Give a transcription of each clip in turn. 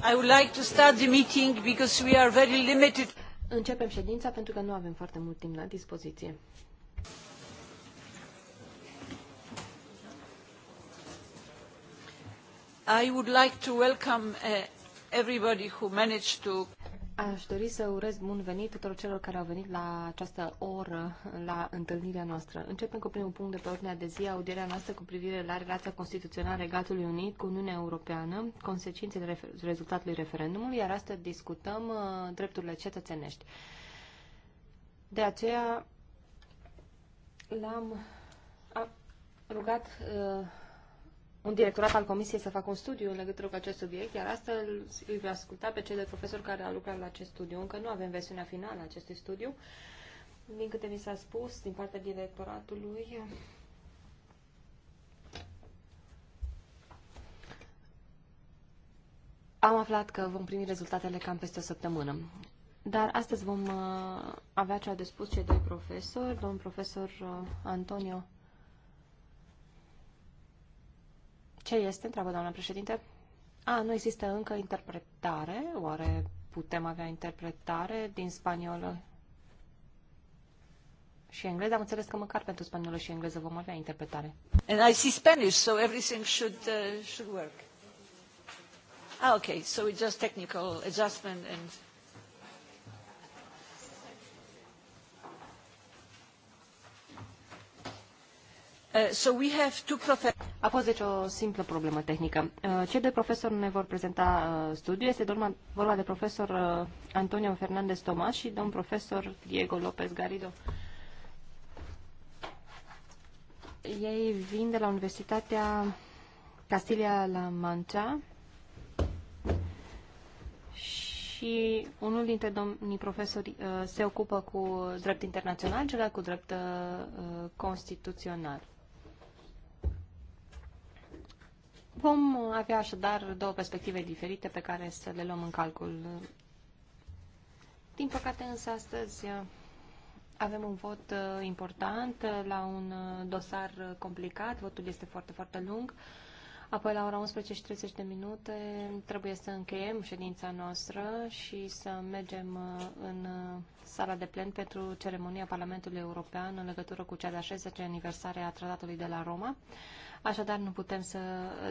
I would like to start the meeting because we are very limited. Începem ședința pentru că nu avem foarte mult timp la dispoziție. I would like to welcome uh, everybody who managed to Aș dori să urez bun venit tuturor celor care au venit la această oră, la întâlnirea noastră. Începem cu primul punct de pe ordinea de zi, audierea noastră cu privire la relația constituțională Regatului Unit cu Uniunea Europeană, consecințele refer rezultatului referendumului, iar astăzi discutăm uh, drepturile cetățenești. De aceea l-am rugat uh, un directorat al Comisiei să facă un studiu în legătură cu acest subiect, iar astăzi îi voi asculta pe cei de profesori care au lucrat la acest studiu. Încă nu avem versiunea finală a acestui studiu. Din câte mi s-a spus din partea directoratului, am aflat că vom primi rezultatele cam peste o săptămână. Dar astăzi vom uh, avea ce au de spus cei doi profesori, domnul profesor uh, Antonio Ce este? Întreabă doamna președinte. A, nu există încă interpretare. Oare putem avea interpretare din spaniolă și engleză? Am înțeles că măcar pentru spaniolă și engleză vom avea interpretare. And I see Spanish, so everything should, uh, should work. Ah, okay, so it's just technical adjustment and Uh, so we A fost deci o simplă problemă tehnică. Uh, cei doi profesori ne vor prezenta uh, studiul. Este vorba de profesor Antonio Fernandez Tomas și domn profesor Diego López Garrido. Ei vin de la Universitatea Castilia la Mancha și unul dintre domnii profesori se ocupă cu drept internațional, celălalt cu drept constituțional. Vom avea așadar două perspective diferite pe care să le luăm în calcul. Din păcate însă astăzi avem un vot uh, important uh, la un uh, dosar complicat, votul este foarte, foarte lung. Apoi la ora 11.30 de minute trebuie să încheiem ședința noastră și să mergem în sala de plen pentru ceremonia Parlamentului European în legătură cu cea de-a 60 aniversare a Tratatului de la Roma. Așadar, nu putem să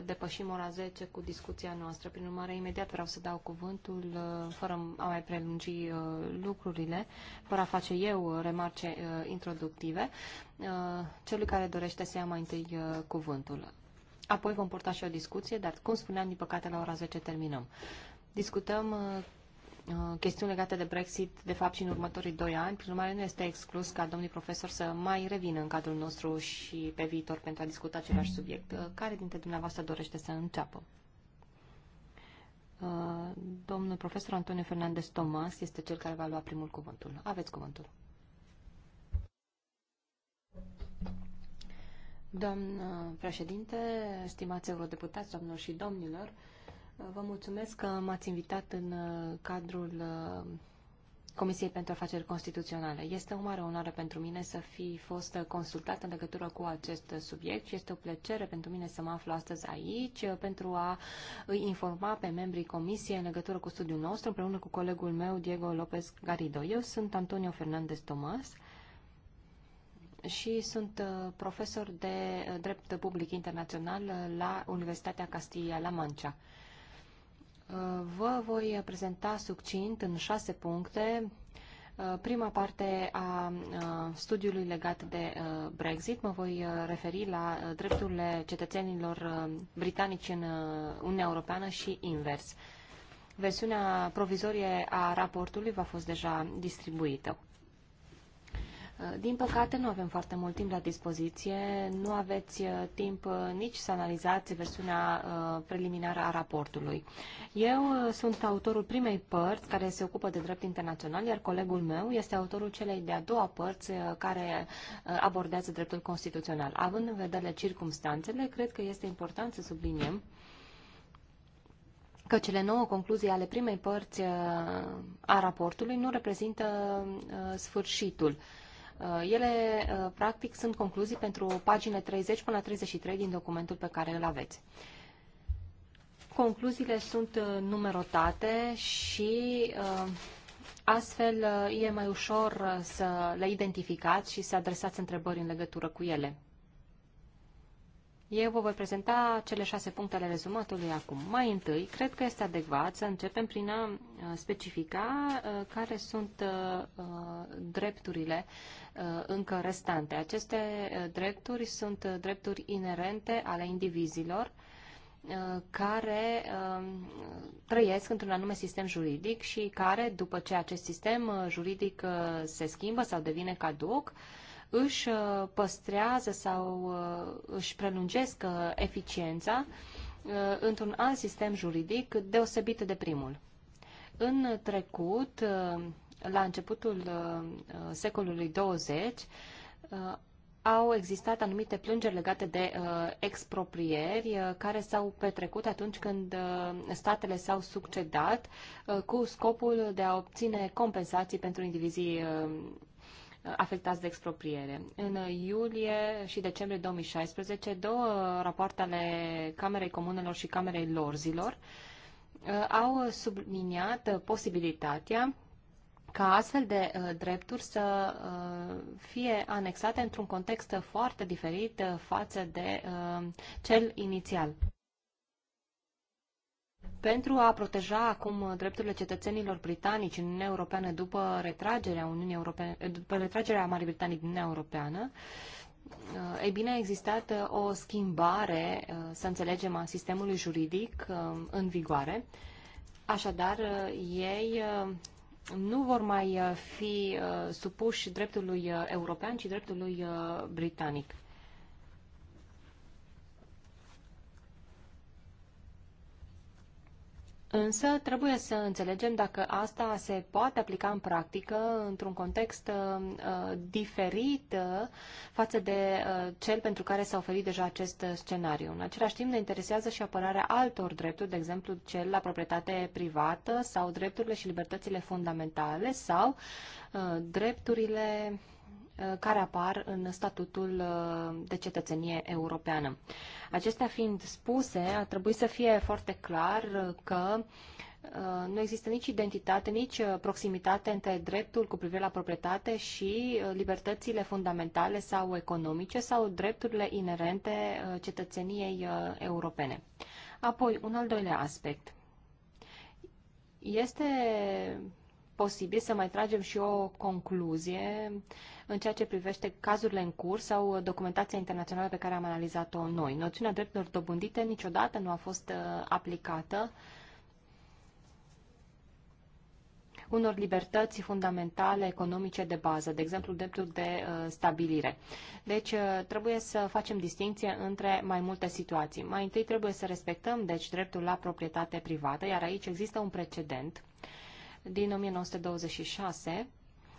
depășim ora 10 cu discuția noastră. Prin urmare, imediat vreau să dau cuvântul, uh, fără a mai prelungi uh, lucrurile, fără a face eu uh, remarce introductive, celui care dorește să ia mai întâi cuvântul. Apoi vom purta și o discuție, dar, cum spuneam, din păcate, la ora 10 terminăm. Discutăm Uh, chestiuni legate de Brexit, de fapt, și în următorii doi ani. Prin urmare, nu este exclus ca domnii profesori să mai revină în cadrul nostru și pe viitor pentru a discuta același subiect. Uh, care dintre dumneavoastră dorește să înceapă? Uh, domnul profesor Antonio Fernandez Tomas este cel care va lua primul cuvântul. Aveți cuvântul. Doamnă președinte, stimați eurodeputați, domnilor și domnilor, Vă mulțumesc că m-ați invitat în uh, cadrul uh, Comisiei pentru Afaceri Constituționale. Este o mare onoare pentru mine să fi fost consultat în legătură cu acest subiect și este o plăcere pentru mine să mă aflu astăzi aici uh, pentru a îi informa pe membrii Comisiei în legătură cu studiul nostru împreună cu colegul meu Diego López Garido. Eu sunt Antonio Fernandez Tomas și sunt profesor de drept public internațional la Universitatea Castilla-La Mancha. Vă voi prezenta succint în șase puncte uh, prima parte a uh, studiului legat de uh, Brexit. Mă voi referi la drepturile cetățenilor britanici în Uniunea Europeană și invers. Versiunea provizorie a raportului va fost deja distribuită. Eh, din păcate, nu avem foarte mult timp la dispoziție, nu aveți eh, timp eh, nici să analizați versiunea preliminară a raportului. Eu sunt autorul primei părți care se ocupă de drept internațional, iar colegul meu este autorul celei de-a doua părți care abordează dreptul constituțional. Având în vedere circumstanțele, cred că este important să subliniem că cele nouă concluzii ale primei părți a raportului nu reprezintă sfârșitul Uh, ele, uh, practic, sunt concluzii pentru pagine 30 până la 33 din documentul pe care îl aveți. Concluziile sunt uh, numerotate și astfel e mai ușor să le identificați și să adresați întrebări în legătură cu ele. Eu vă voi prezenta cele șase puncte ale rezumatului acum. Mai întâi, cred că este adecvat să începem prin a specifica care sunt drepturile încă restante. Aceste drepturi sunt drepturi inerente ale indivizilor care trăiesc într-un anume sistem juridic și care, după ce acest sistem juridic se schimbă sau devine caduc, își uh, păstrează sau uh, își prelungesc uh, eficiența într-un alt sistem juridic deosebit de primul. În trecut, la începutul secolului 20, au existat anumite plângeri legate de uh, exproprieri uh, care s-au petrecut atunci când uh, statele s-au succedat uh, cu scopul de a obține compensații pentru indivizii uh, afectați de expropriere. În iulie și decembrie 2016, două rapoarte ale Camerei Comunelor și Camerei Lorzilor uh, au subliniat posibilitatea ca astfel de uh, drepturi să uh, fie anexate într-un context foarte diferit față de cel inițial. Pentru a proteja acum drepturile cetățenilor britanici în Uniunea Europeană după retragerea, Uniunii Europene, după retragerea Marii Britanii din Uniunea Europeană, uh, ei bine, a existat uh, o schimbare, uh, să înțelegem, a sistemului juridic în vigoare. Așadar, ei nu vor mai fi supuși dreptului european, ci dreptului britanic. Însă trebuie să înțelegem dacă asta se poate aplica în practică într-un context uh, uh, diferit uh, față de uh, cel pentru care s-a oferit deja acest scenariu. În același timp ne interesează și apărarea altor drepturi, de exemplu cel la proprietate privată sau drepturile și libertățile fundamentale sau uh, drepturile Uh, care apar în statutul uh, de cetățenie europeană. Acestea fiind spuse, a trebuit să fie foarte clar uh, că nu există nici identitate, nici proximitate între dreptul cu privire la proprietate și libertățile fundamentale sau economice sau drepturile inerente cetățeniei europene. Apoi, un al doilea aspect. Este posibil să mai tragem și o concluzie în ceea ce privește cazurile în curs sau documentația internațională pe care am analizat-o noi. Noțiunea drepturilor dobândite niciodată nu a fost uh, aplicată unor libertăți fundamentale economice de bază, de exemplu dreptul de uh, stabilire. Deci uh, trebuie să facem distinție între mai multe situații. Mai întâi trebuie să respectăm deci dreptul la proprietate privată, iar aici există un precedent din 1926.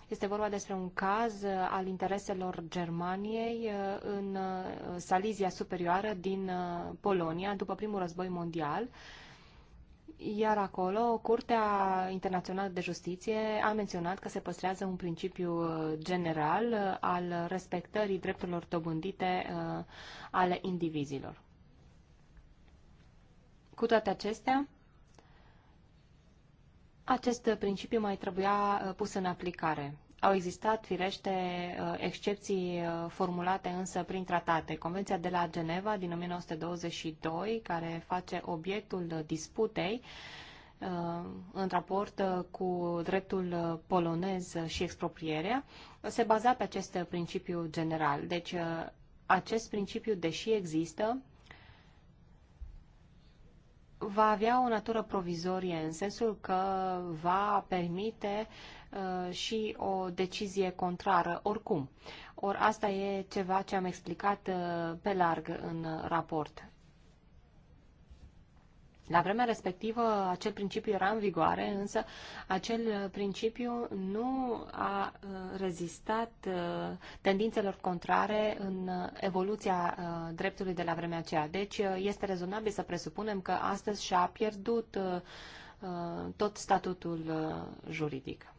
Este vorba despre un caz uh, al intereselor Germaniei uh, în uh, Salizia Superioară din Polonia după primul război mondial. Iar acolo, Curtea Internațională de Justiție a menționat că se păstrează un principiu general al respectării drepturilor dobândite ale indivizilor. Cu toate acestea, acest principiu mai trebuia uh, pus în aplicare. Au existat, firește, uh, excepții uh, formulate însă prin tratate. Convenția de la Geneva din 1922, care face obiectul disputei în raport cu dreptul polonez și exproprierea, se baza pe acest principiu general. Deci, acest principiu, deși există, va avea o natură provizorie în sensul că va permite uh, și o decizie contrară oricum. Or asta e ceva ce am explicat uh, pe larg în raport. La vremea respectivă, acel principiu era în vigoare, însă acel principiu nu a uh, rezistat uh, tendințelor contrare în uh, evoluția dreptului de la vremea aceea. Deci este rezonabil să presupunem că astăzi și-a pierdut tot statutul juridic.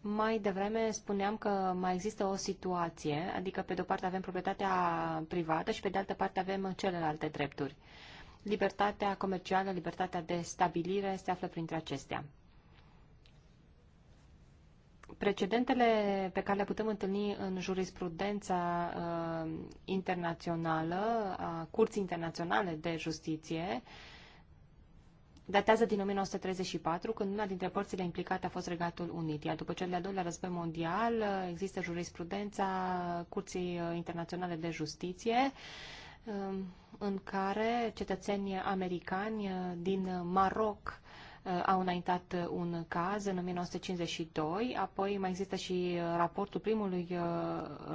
Mai devreme spuneam că mai există o situație, adică pe de o parte avem proprietatea privată și pe de altă parte avem celelalte drepturi. Libertatea comercială, libertatea de stabilire se află printre acestea. Precedentele pe care le putem întâlni în jurisprudența uh, internațională, a Curții Internaționale de Justiție, datează din 1934, când una dintre părțile implicate a fost Regatul Unit. Iar după cel de-al doilea război mondial, uh, există jurisprudența Curții uh, Internaționale de Justiție, uh, Um, în care cetățenii americani uh, din Maroc uh, au înaintat un caz în 1952, apoi mai există și uh, raportul primului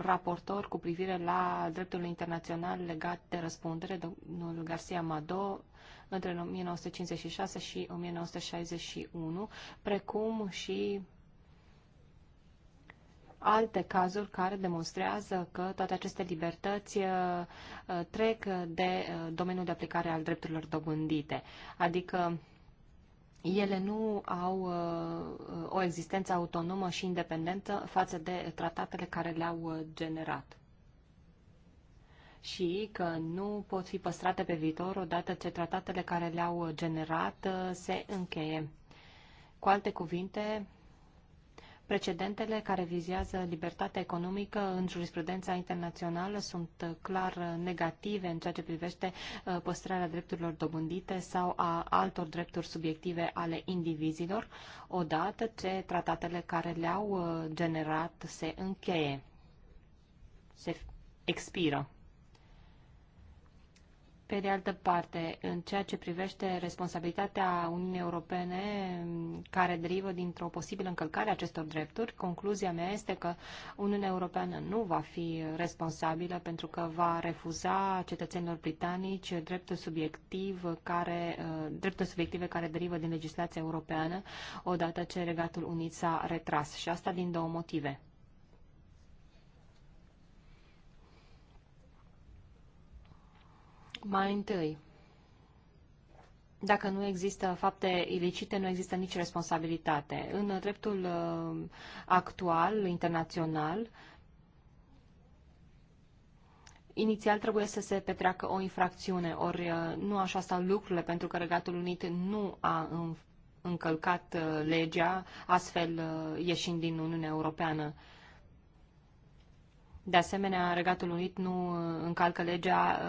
raportor cu privire la dreptul internațional legat de răspundere, domnul Garcia Mado, între 1956 și 1961, precum și alte cazuri care demonstrează că toate aceste libertăți uh, uh, trec de uh, domeniul de aplicare al drepturilor dobândite. Adică ele nu au o existență autonomă și independentă față de tratatele care le-au generat și că nu pot fi păstrate pe viitor odată ce tratatele care le-au generat se încheie. Cu alte cuvinte, Precedentele care vizează libertatea economică în jurisprudența internațională sunt uh, clar uh, negative în ceea ce privește uh, păstrarea drepturilor dobândite sau a altor drepturi subiective ale indivizilor, odată ce tratatele care le-au generat se încheie, se expiră. Pe de altă parte, în ceea ce privește responsabilitatea Uniunii Europene care derivă dintr-o posibilă încălcare a acestor drepturi, concluzia mea este că Uniunea Europeană nu va fi responsabilă pentru că va refuza cetățenilor britanici dreptul subiectiv care, uh, drepturi subiective care derivă din legislația europeană odată ce Regatul Unit s-a retras. Și asta din două motive. Mai întâi, dacă nu există fapte ilicite, nu există nici responsabilitate. În dreptul uh, actual, internațional, inițial trebuie să se petreacă o infracțiune, ori uh, nu așa stau lucrurile, pentru că Regatul Unit nu a încălcat uh, legea, astfel ieșind din Uniunea Europeană. De asemenea, Regatul Unit nu încalcă legea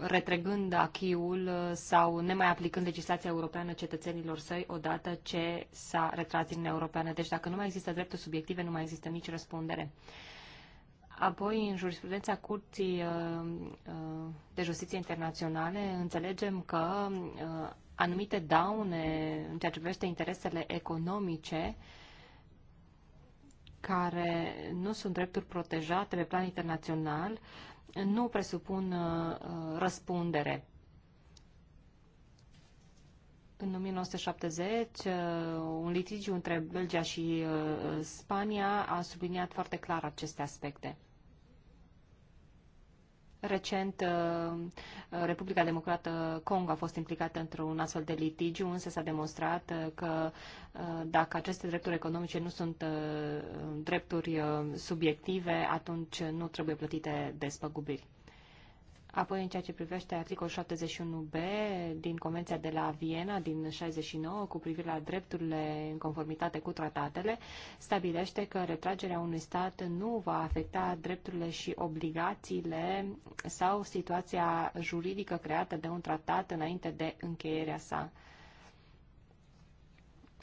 retrăgând achiul uh, sau nemai aplicând legislația europeană cetățenilor săi odată ce s-a retras din Europeană. Deci dacă nu mai există drepturi subiective, nu mai există nici răspundere. Apoi, în jurisprudența Curții uh, uh, de Justiție Internaționale, înțelegem că anumite daune în ceea ce privește interesele economice care nu sunt drepturi protejate pe plan internațional, nu presupun uh, uh, răspundere. În 1970, uh, un litigiu între Belgia și Spania a subliniat foarte clar aceste aspecte. Recent, uh, Republica Democrată Congo a fost implicată într-un astfel de litigiu, însă s-a demonstrat uh, că uh, dacă aceste drepturi economice nu sunt drepturi subiective, atunci nu trebuie plătite despăgubiri. Apoi, în ceea ce privește articolul 71b din Convenția de la Viena din 69 cu privire la drepturile în conformitate cu tratatele, stabilește că retragerea unui stat nu va afecta drepturile și obligațiile sau situația juridică creată de un tratat înainte de încheierea sa.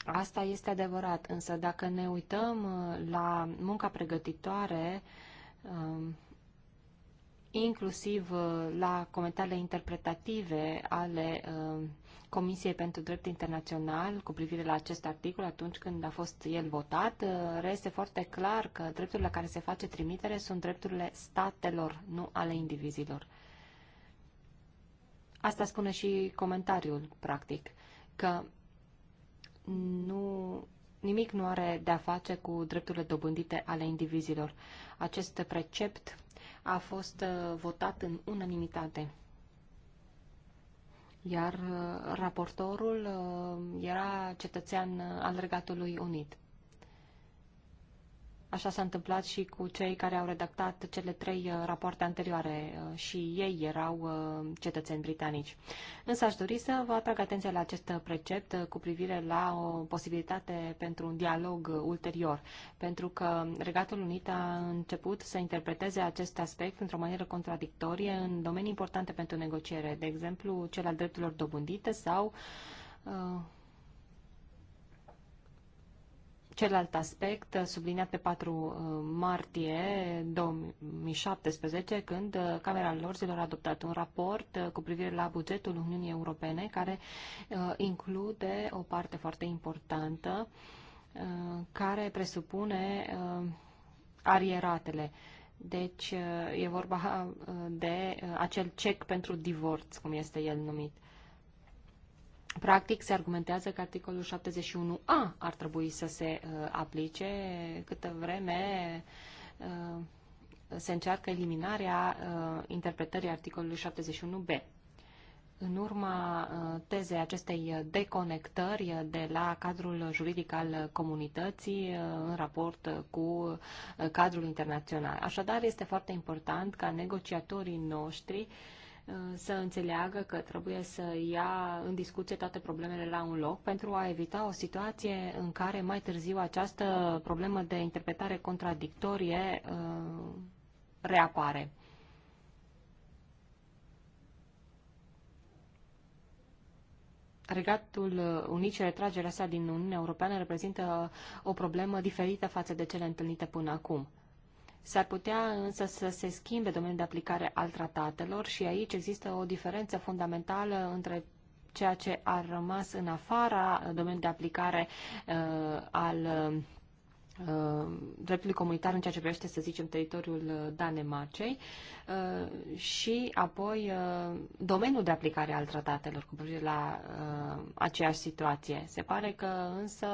Asta este adevărat, însă dacă ne uităm la munca pregătitoare, um, inclusiv uh, la comentariile interpretative ale uh, Comisiei pentru Drept Internațional cu privire la acest articol atunci când a fost el votat, reiese uh, foarte clar că drepturile la care se face trimitere sunt drepturile statelor, nu ale indivizilor. Asta spune și comentariul, practic, că nu, nimic nu are de-a face cu drepturile dobândite ale indivizilor. Acest precept a fost uh, votat în unanimitate. Iar uh, raportorul uh, era cetățean al Regatului Unit. Așa s-a întâmplat și cu cei care au redactat cele trei uh, rapoarte anterioare uh, și ei erau uh, cetățeni britanici. Însă aș dori să vă atrag atenția la acest precept cu privire la o posibilitate pentru un dialog ulterior, pentru că Regatul Unit a început să interpreteze acest aspect într-o manieră contradictorie în domenii importante pentru negociere, de exemplu cel al drepturilor dobândite sau uh, Celălalt aspect uh, subliniat pe 4 uh, martie 2017, când uh, Camera Lorzilor a adoptat un raport cu privire la bugetul Uniunii Europene, care include o parte foarte importantă care presupune arieratele. Deci e vorba de acel cec pentru divorț, cum este el numit. Practic, se argumentează că articolul 71a ar trebui să se uh, aplice câtă vreme uh, se încearcă eliminarea uh, interpretării articolului 71b. În urma uh, tezei acestei deconectări de la cadrul juridic al comunității uh, în raport cu uh, cadrul internațional. Așadar, este foarte important ca negociatorii noștri uh, Uh, să înțeleagă că trebuie să ia în discuție toate problemele la un loc pentru a evita o situație în care mai târziu această problemă de interpretare contradictorie uh, reapare. Regatul Unit și retragerea sa din Uniunea Europeană reprezintă o problemă diferită față de cele întâlnite până acum. S-ar putea însă să se schimbe domeniul de aplicare al tratatelor și aici există o diferență fundamentală între ceea ce a rămas în afara domeniului de aplicare uh, al uh, Uh, dreptului comunitar în ceea ce privește, să zicem, teritoriul uh, Danemarcei uh, și apoi domeniul de aplicare al tratatelor cu privire la aceeași situație. Se pare că însă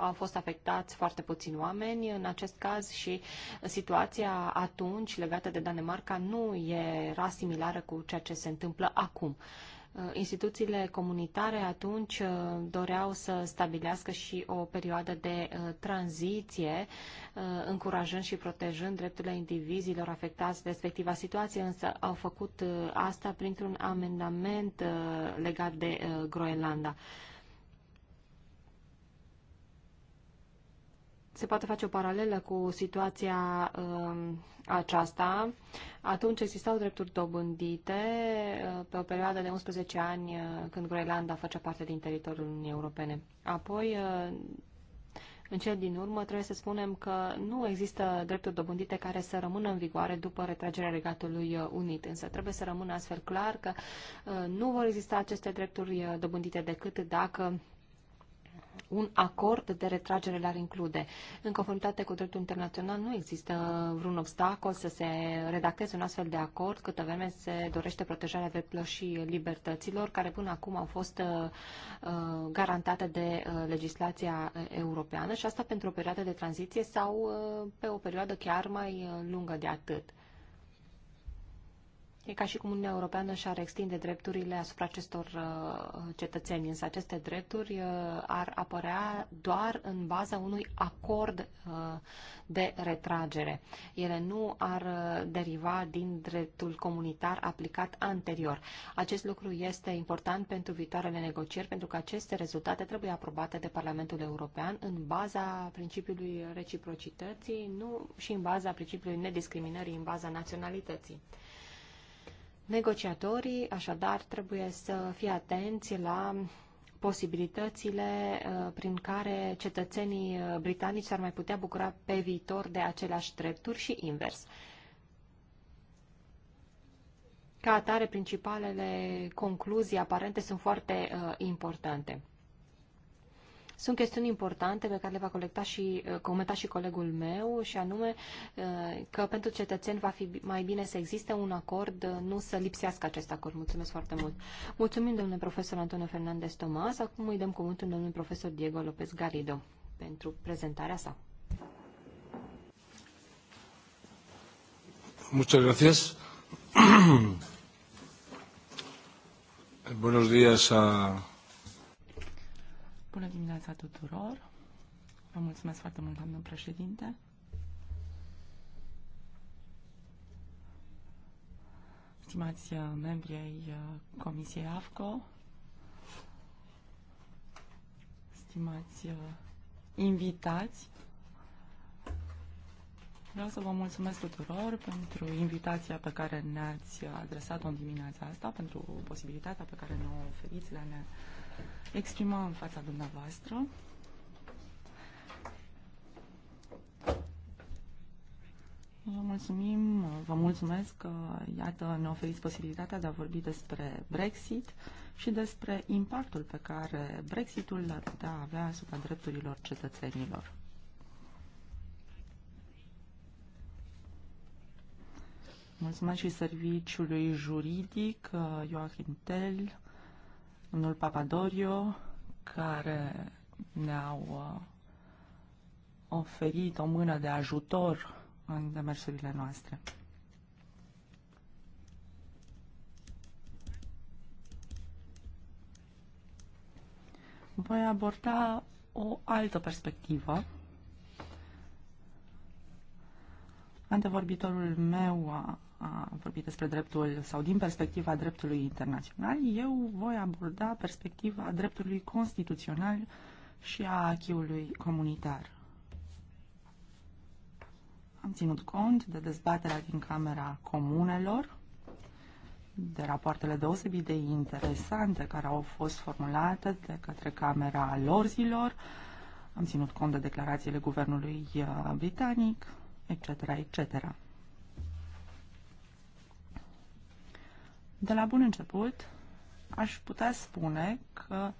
au fost afectați foarte puțini oameni în acest caz și situația atunci legată de Danemarca nu era similară cu ceea ce se întâmplă acum. Uh, instituțiile comunitare atunci uh, doreau să stabilească și o perioadă de uh, tranziție, încurajând și protejând drepturile indivizilor afectați de respectiva situație, însă au făcut asta printr-un amendament legat de Groenlanda. se poate face o paralelă cu situația uh, aceasta. Atunci existau drepturi dobândite uh, pe o perioadă de 11 ani uh, când Groenlanda făcea parte din teritoriul Uniunii Europene. Apoi, uh, în cel din urmă, trebuie să spunem că nu există drepturi dobândite care să rămână în vigoare după retragerea Regatului Unit, însă trebuie să rămână astfel clar că nu vor exista aceste drepturi dobândite decât dacă un acord de retragere l-ar include. În conformitate cu dreptul internațional nu există vreun obstacol să se redacteze un astfel de acord câtă vreme se dorește protejarea drepturilor și libertăților care până acum au fost uh, uh, garantate de uh, legislația europeană și asta pentru o perioadă de tranziție sau pe o perioadă chiar mai lungă de atât. E ca și cum Uniunea Europeană și-ar extinde drepturile asupra acestor uh, cetățeni, însă aceste drepturi uh, ar apărea doar în baza unui acord uh, de retragere. Ele nu ar deriva din dreptul comunitar aplicat anterior. Acest lucru este important pentru viitoarele negocieri, pentru că aceste rezultate trebuie aprobate de Parlamentul European în baza principiului reciprocității nu și în baza principiului nediscriminării, în baza naționalității. Negociatorii, așadar, trebuie să fie atenți la posibilitățile uh, prin care cetățenii uh, britanici s-ar mai putea bucura pe viitor de aceleași drepturi și invers. Ca atare, principalele concluzii aparente sunt foarte uh, importante. Sunt chestiuni importante pe care le va colecta și, uh, comenta și colegul meu, și anume uh, că pentru cetățeni va fi mai bine să existe un acord, uh, nu să lipsească acest acord. Mulțumesc foarte mult. Mulțumim, domnule profesor Antonio Fernandez Tomas. Acum îi dăm cuvântul domnului profesor Diego López Garrido pentru prezentarea sa. Muchas gracias. Buenos días a Bună dimineața tuturor. Vă mulțumesc foarte mult, doamnă președinte. Stimați uh, membri ai uh, Comisiei AFCO, stimați uh, invitați, Vreau să vă mulțumesc tuturor pentru invitația pe care ne-ați adresat-o în dimineața asta, pentru posibilitatea pe care ne-o oferiți la ne exprima în fața dumneavoastră. Vă mulțumim, vă mulțumesc că, iată, ne oferiți posibilitatea de a vorbi despre Brexit și despre impactul pe care Brexitul l-ar putea avea asupra drepturilor cetățenilor. Mulțumesc și serviciului juridic Joachim Tell, domnul Papadorio, care ne-au uh, oferit o mână de ajutor în demersurile noastre. Voi aborda o altă perspectivă. Antevorbitorul meu a am vorbit despre dreptul sau din perspectiva dreptului internațional, eu voi aborda perspectiva dreptului constituțional și a acheului comunitar. Am ținut cont de dezbaterea din Camera Comunelor, de rapoartele deosebit de interesante care au fost formulate de către Camera Lorzilor, am ținut cont de declarațiile guvernului uh, britanic, etc., etc. De la bun început, aș putea spune că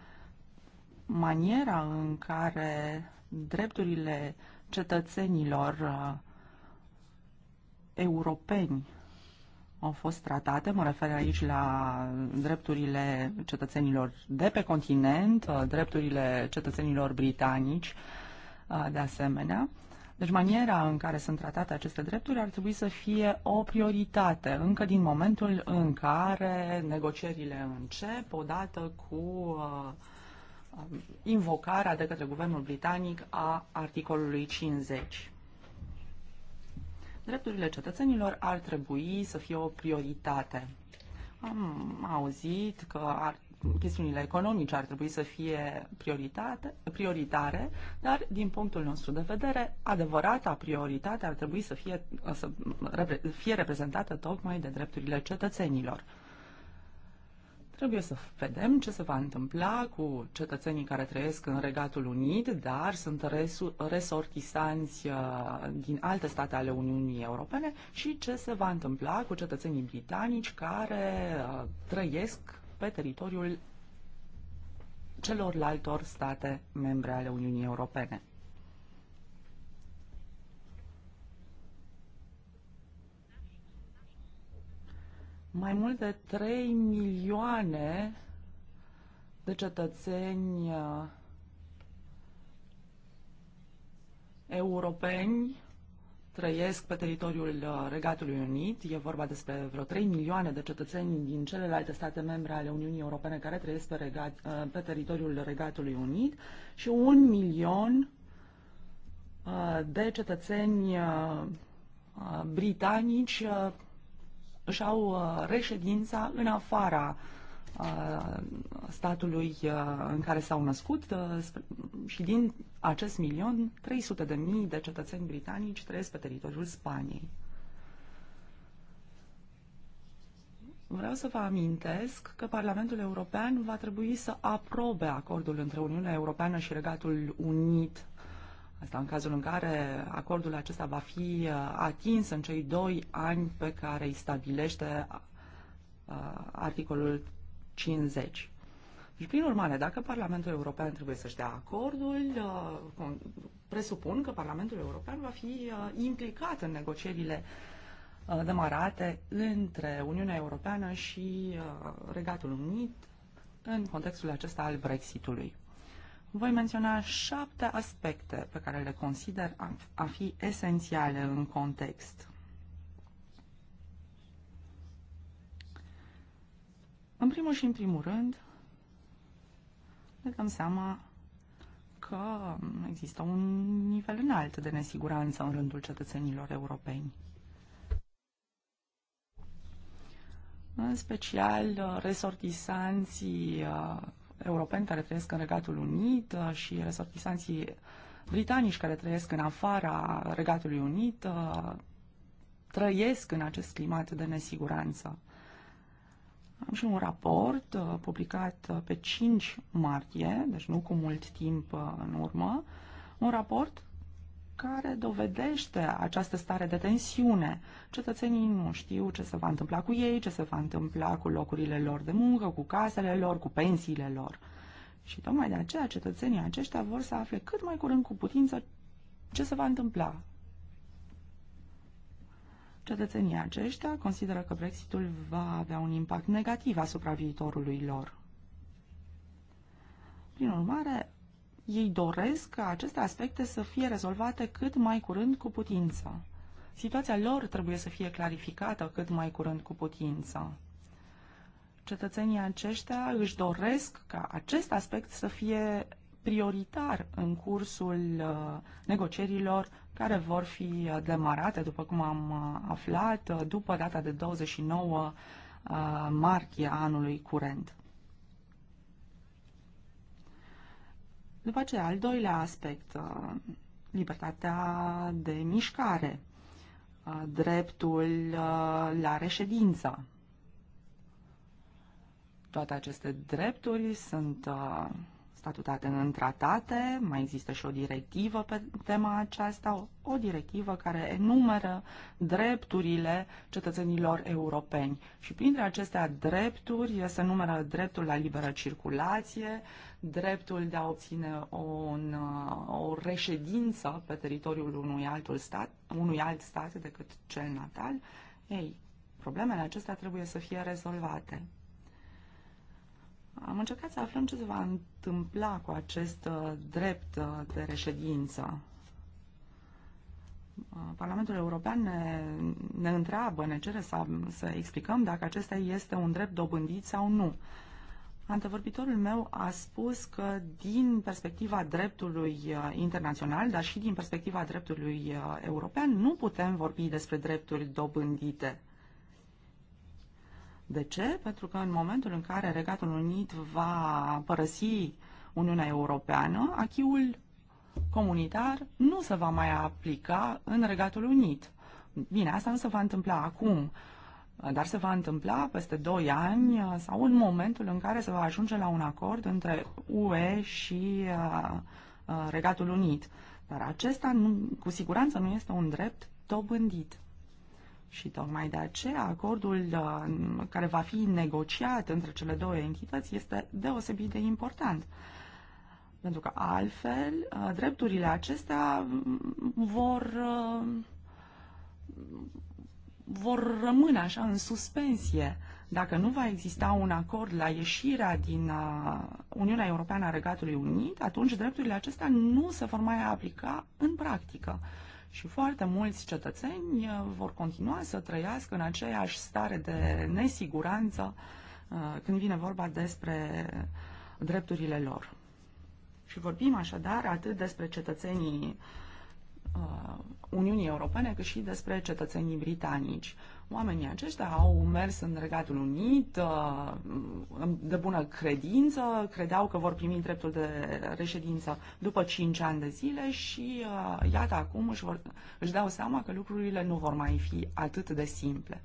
maniera în care drepturile cetățenilor uh, europeni au fost tratate, mă refer aici la drepturile cetățenilor de pe continent, uh, drepturile cetățenilor britanici, uh, de asemenea, deci maniera în care sunt tratate aceste drepturi ar trebui să fie o prioritate încă din momentul în care negocierile încep, odată cu uh, invocarea de către guvernul britanic a articolului 50. Drepturile cetățenilor ar trebui să fie o prioritate. Am auzit că ar chestiunile economice ar trebui să fie prioritate, prioritare, dar din punctul nostru de vedere, adevărata prioritate ar trebui să fie, să fie reprezentată tocmai de drepturile cetățenilor. Trebuie să vedem ce se va întâmpla cu cetățenii care trăiesc în Regatul Unit, dar sunt resortisanți uh, din alte state ale Uniunii Europene și ce se va întâmpla cu cetățenii britanici care uh, trăiesc pe teritoriul celorlaltor state membre ale Uniunii Europene. Mai mult de 3 milioane de cetățeni uh, europeni trăiesc pe teritoriul uh, Regatului Unit. E vorba despre vreo 3 milioane de cetățeni din celelalte state membre ale Uniunii Europene care trăiesc pe, regat, uh, pe teritoriul Regatului Unit și un milion uh, de cetățeni britanici își au reședința în afara uh, statului în care s-au născut și din acest milion, 300 de mii de cetățeni britanici trăiesc pe teritoriul Spaniei. Vreau să vă amintesc că Parlamentul European va trebui să aprobe acordul între Uniunea Europeană și Regatul Unit. Asta în cazul în care acordul acesta va fi atins în cei doi ani pe care îi stabilește articolul 50. Și deci, prin urmare, dacă Parlamentul European trebuie să-și dea acordul, uh, presupun că Parlamentul European va fi uh, implicat în negocierile uh, demarate între Uniunea Europeană și Regatul Unit în contextul acesta al Brexitului. Voi menționa șapte aspecte pe care le consider a fi esențiale în context. În primul și în primul rând, ne dăm seama că există un nivel înalt de nesiguranță în rândul cetățenilor europeni. În special, uh, resortisanții uh, europeni care trăiesc în Regatul Unit uh, și resortisanții britanici care trăiesc în afara Regatului Unit trăiesc în acest climat de nesiguranță. Am și un raport uh, publicat uh, pe 5 martie, deci nu cu mult timp uh, în urmă, un raport care dovedește această stare de tensiune. Cetățenii nu știu ce se va întâmpla cu ei, ce se va întâmpla cu locurile lor de muncă, cu casele lor, cu pensiile lor. Și tocmai de aceea cetățenii aceștia vor să afle cât mai curând cu putință ce se va întâmpla Cetățenii aceștia consideră că Brexitul va avea un impact negativ asupra viitorului lor. Prin urmare, ei doresc ca aceste aspecte să fie rezolvate cât mai curând cu putință. Situația lor trebuie să fie clarificată cât mai curând cu putință. Cetățenii aceștia își doresc ca acest aspect să fie prioritar în cursul uh, negocierilor care vor fi uh, demarate, după cum am uh, aflat, după data de 29 martie anului curent. După aceea, al doilea aspect, libertatea de mișcare, dreptul la reședință. Toate aceste drepturi sunt statutate în tratate, mai există și o directivă pe tema aceasta, o, o directivă care enumeră drepturile cetățenilor europeni. Și printre acestea drepturi se numără dreptul la liberă circulație, dreptul de a obține o, un, o reședință pe teritoriul unui, altul stat, unui alt stat decât cel natal. Ei, problemele acestea trebuie să fie rezolvate. Am încercat să aflăm ce se va întâmpla cu acest uh, drept uh, de reședință. Uh, Parlamentul European ne, ne întreabă, ne cere să, să explicăm dacă acesta este un drept dobândit sau nu. Antevorbitorul meu a spus că din perspectiva dreptului internațional, dar și din perspectiva dreptului european, nu putem vorbi despre drepturi dobândite. De ce? Pentru că în momentul în care Regatul Unit va părăsi Uniunea Europeană, achiul comunitar nu se va mai aplica în Regatul Unit. Bine, asta nu se va întâmpla acum, dar se va întâmpla peste 2 ani sau în momentul în care se va ajunge la un acord între UE și uh, uh, Regatul Unit. Dar acesta nu, cu siguranță nu este un drept dobândit. Și tocmai de aceea acordul uh, care va fi negociat între cele două entități este deosebit de important. Pentru că altfel, uh, drepturile acestea mm, vor, uh, vor rămâne așa în suspensie. Dacă nu va exista un acord la ieșirea din Uniunea Europeană a Regatului Unit, atunci drepturile acestea nu se vor mai aplica în practică. Și foarte mulți cetățeni uh, vor continua să trăiască în aceeași stare de nesiguranță uh, când vine vorba despre drepturile lor. Și vorbim așadar atât despre cetățenii Uh, Uniunii Europene, cât și despre cetățenii britanici. Oamenii aceștia au mers în Regatul Unit uh, de bună credință, credeau că vor primi dreptul de reședință după 5 ani de zile și uh, iată acum își, vor, își dau seama că lucrurile nu vor mai fi atât de simple.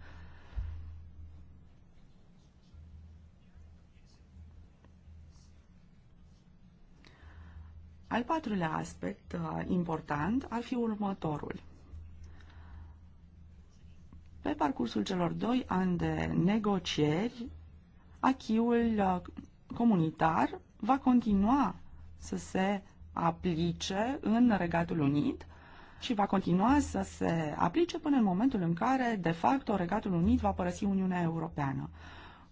Al patrulea aspect uh, important ar fi următorul. Pe parcursul celor doi ani de negocieri, achiul uh, comunitar va continua să se aplice în Regatul Unit și va continua să se aplice până în momentul în care, de facto, Regatul Unit va părăsi Uniunea Europeană.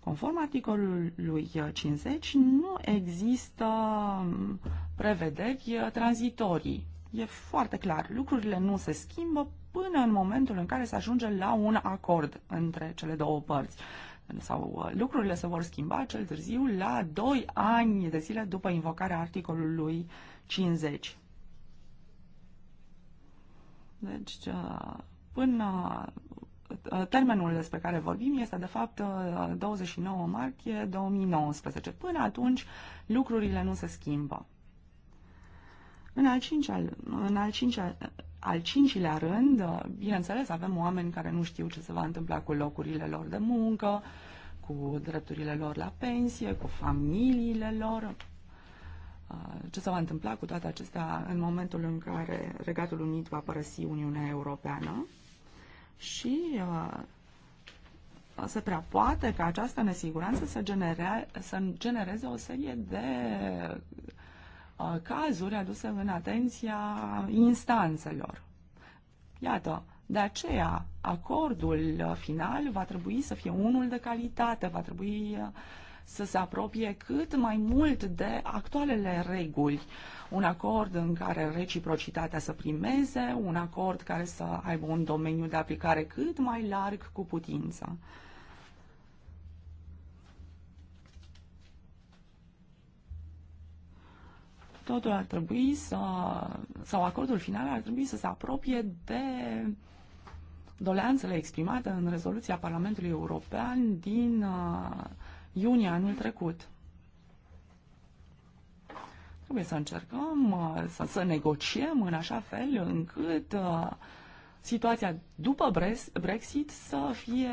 Conform articolului 50, nu există prevederi tranzitorii. E foarte clar, lucrurile nu se schimbă până în momentul în care se ajunge la un acord între cele două părți. Sau uh, lucrurile se vor schimba cel târziu la 2 ani de zile după invocarea articolului 50. Deci, uh, până Uh, termenul despre care vorbim este de fapt 29 uh, martie 2019. Până atunci lucrurile nu se schimbă. În al, al, în al, cincea, al cincilea rând, uh, bineînțeles, avem oameni care nu știu ce se va întâmpla cu locurile lor de muncă, cu drepturile lor la pensie, cu familiile lor. Ce se va întâmpla cu toate acestea în momentul în care Regatul Unit va părăsi Uniunea Europeană? și uh, se prea poate ca această nesiguranță să, genere, să genereze o serie de uh, cazuri aduse în atenția instanțelor. Iată, de aceea acordul final va trebui să fie unul de calitate, va trebui uh, să se apropie cât mai mult de actualele reguli uh, un acord în care reciprocitatea să primeze, un acord care să aibă un domeniu de aplicare cât mai larg cu putință. Totul ar trebui să, sau acordul final ar trebui să se apropie de doleanțele exprimate în rezoluția Parlamentului European din uh, iunie anul trecut. Trebuie să încercăm uh, să, să negociem în așa fel încât uh, situația după Brexit să fie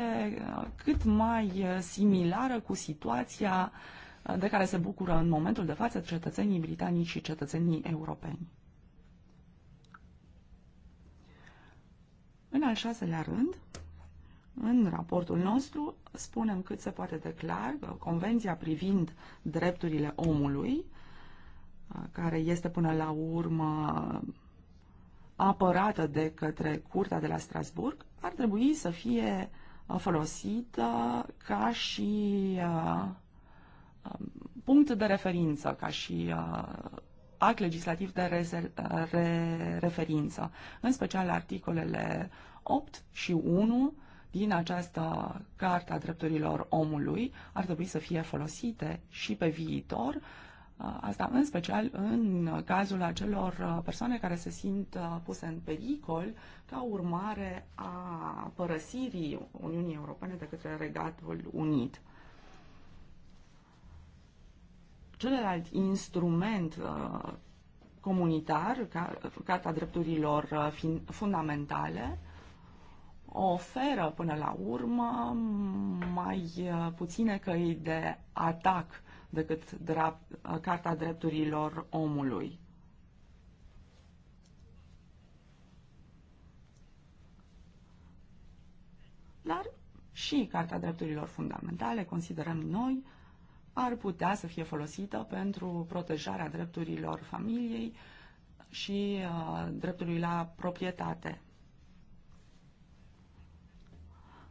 uh, cât mai similară cu situația de care se bucură în momentul de față cetățenii britanici și cetățenii europeni. În al șaselea rând, în raportul nostru spunem cât se poate declar că Convenția privind drepturile omului care este până la urmă apărată de către Curtea de la Strasburg, ar trebui să fie uh, folosită ca și uh, um, punct de referință, ca și uh, act legislativ de re referință, în special articolele 8 și 1 din această Carta a Drepturilor Omului ar trebui să fie folosite și pe viitor Asta în special în cazul acelor uh, persoane care se simt uh, puse în pericol ca urmare a părăsirii Uniunii Europene de către Regatul Unit. Celălalt instrument uh, comunitar, Carta Drepturilor Fundamentale, oferă până la urmă mai puține căi de atac decât drept, Carta Drepturilor Omului. Dar și Carta Drepturilor Fundamentale, considerăm noi, ar putea să fie folosită pentru protejarea drepturilor familiei și uh, dreptului la proprietate.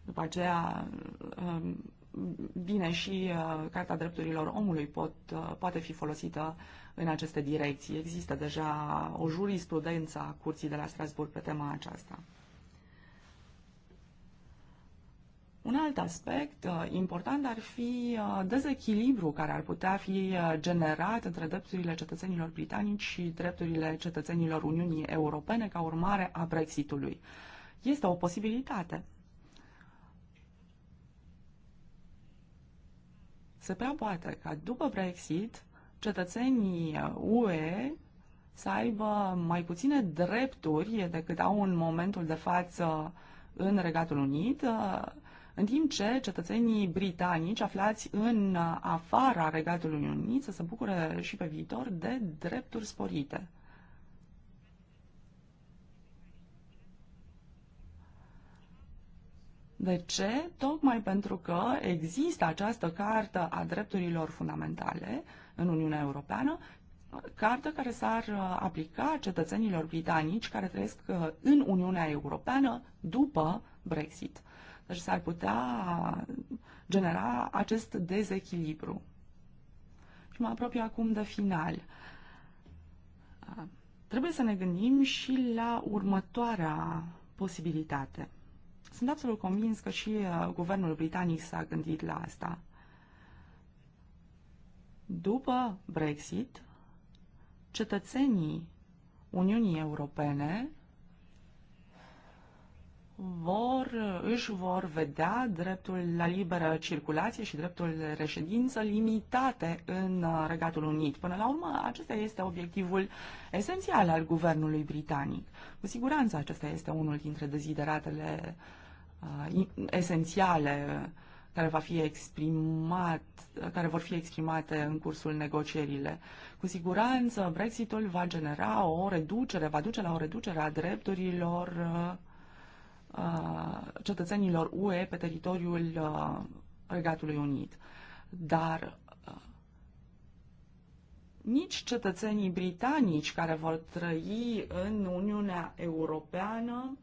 După aceea, uh, bine, și uh, Carta Drepturilor Omului pot, uh, poate fi folosită în aceste direcții. Există deja o jurisprudență a Curții de la Strasburg pe tema aceasta. Un alt aspect uh, important ar fi uh, dezechilibru care ar putea fi uh, generat între drepturile cetățenilor britanici și drepturile cetățenilor Uniunii Europene ca urmare a Brexitului. Este o posibilitate. Se prea poate ca după Brexit cetățenii UE să aibă mai puține drepturi decât au în momentul de față în Regatul Unit, în timp ce cetățenii britanici aflați în afara Regatului Unit să se bucure și pe viitor de drepturi sporite. De ce? Tocmai pentru că există această cartă a drepturilor fundamentale în Uniunea Europeană, cartă care s-ar uh, aplica cetățenilor britanici care trăiesc uh, în Uniunea Europeană după Brexit. Deci s-ar putea uh, genera acest dezechilibru. Și mă apropiu acum de final. Trebuie să ne gândim și la următoarea posibilitate – sunt absolut convins că și uh, guvernul britanic s-a gândit la asta. După Brexit, cetățenii Uniunii Europene vor, își vor vedea dreptul la liberă circulație și dreptul de reședință limitate în uh, Regatul Unit. Până la urmă, acesta este obiectivul esențial al guvernului britanic. Cu siguranță acesta este unul dintre dezideratele uh, Uh, esențiale uh, care, va fi exprimat, uh, care vor fi exprimate în cursul negocierile. Cu siguranță, Brexitul va genera o reducere, va duce la o reducere a drepturilor cetățenilor UE pe teritoriul Regatului Unit. Dar nici cetățenii britanici care vor trăi în Uniunea Europeană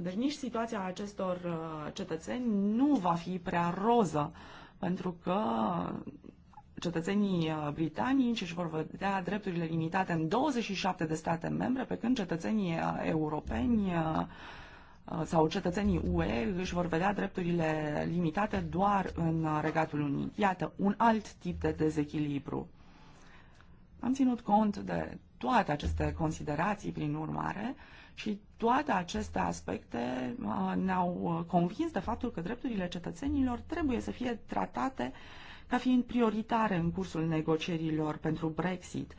deci nici situația acestor uh, cetățeni nu va fi prea roză, pentru că cetățenii uh, britanici își vor vedea drepturile limitate în 27 de state membre, pe când cetățenii uh, europeni sau cetățenii UE își vor vedea drepturile limitate doar în Regatul Unit. Iată, un alt tip de dezechilibru. Am ținut cont de toate aceste considerații, prin urmare, uh, și toate aceste aspecte uh, ne-au uh, convins de faptul că drepturile cetățenilor trebuie să fie tratate ca fiind prioritare în cursul negocierilor pentru Brexit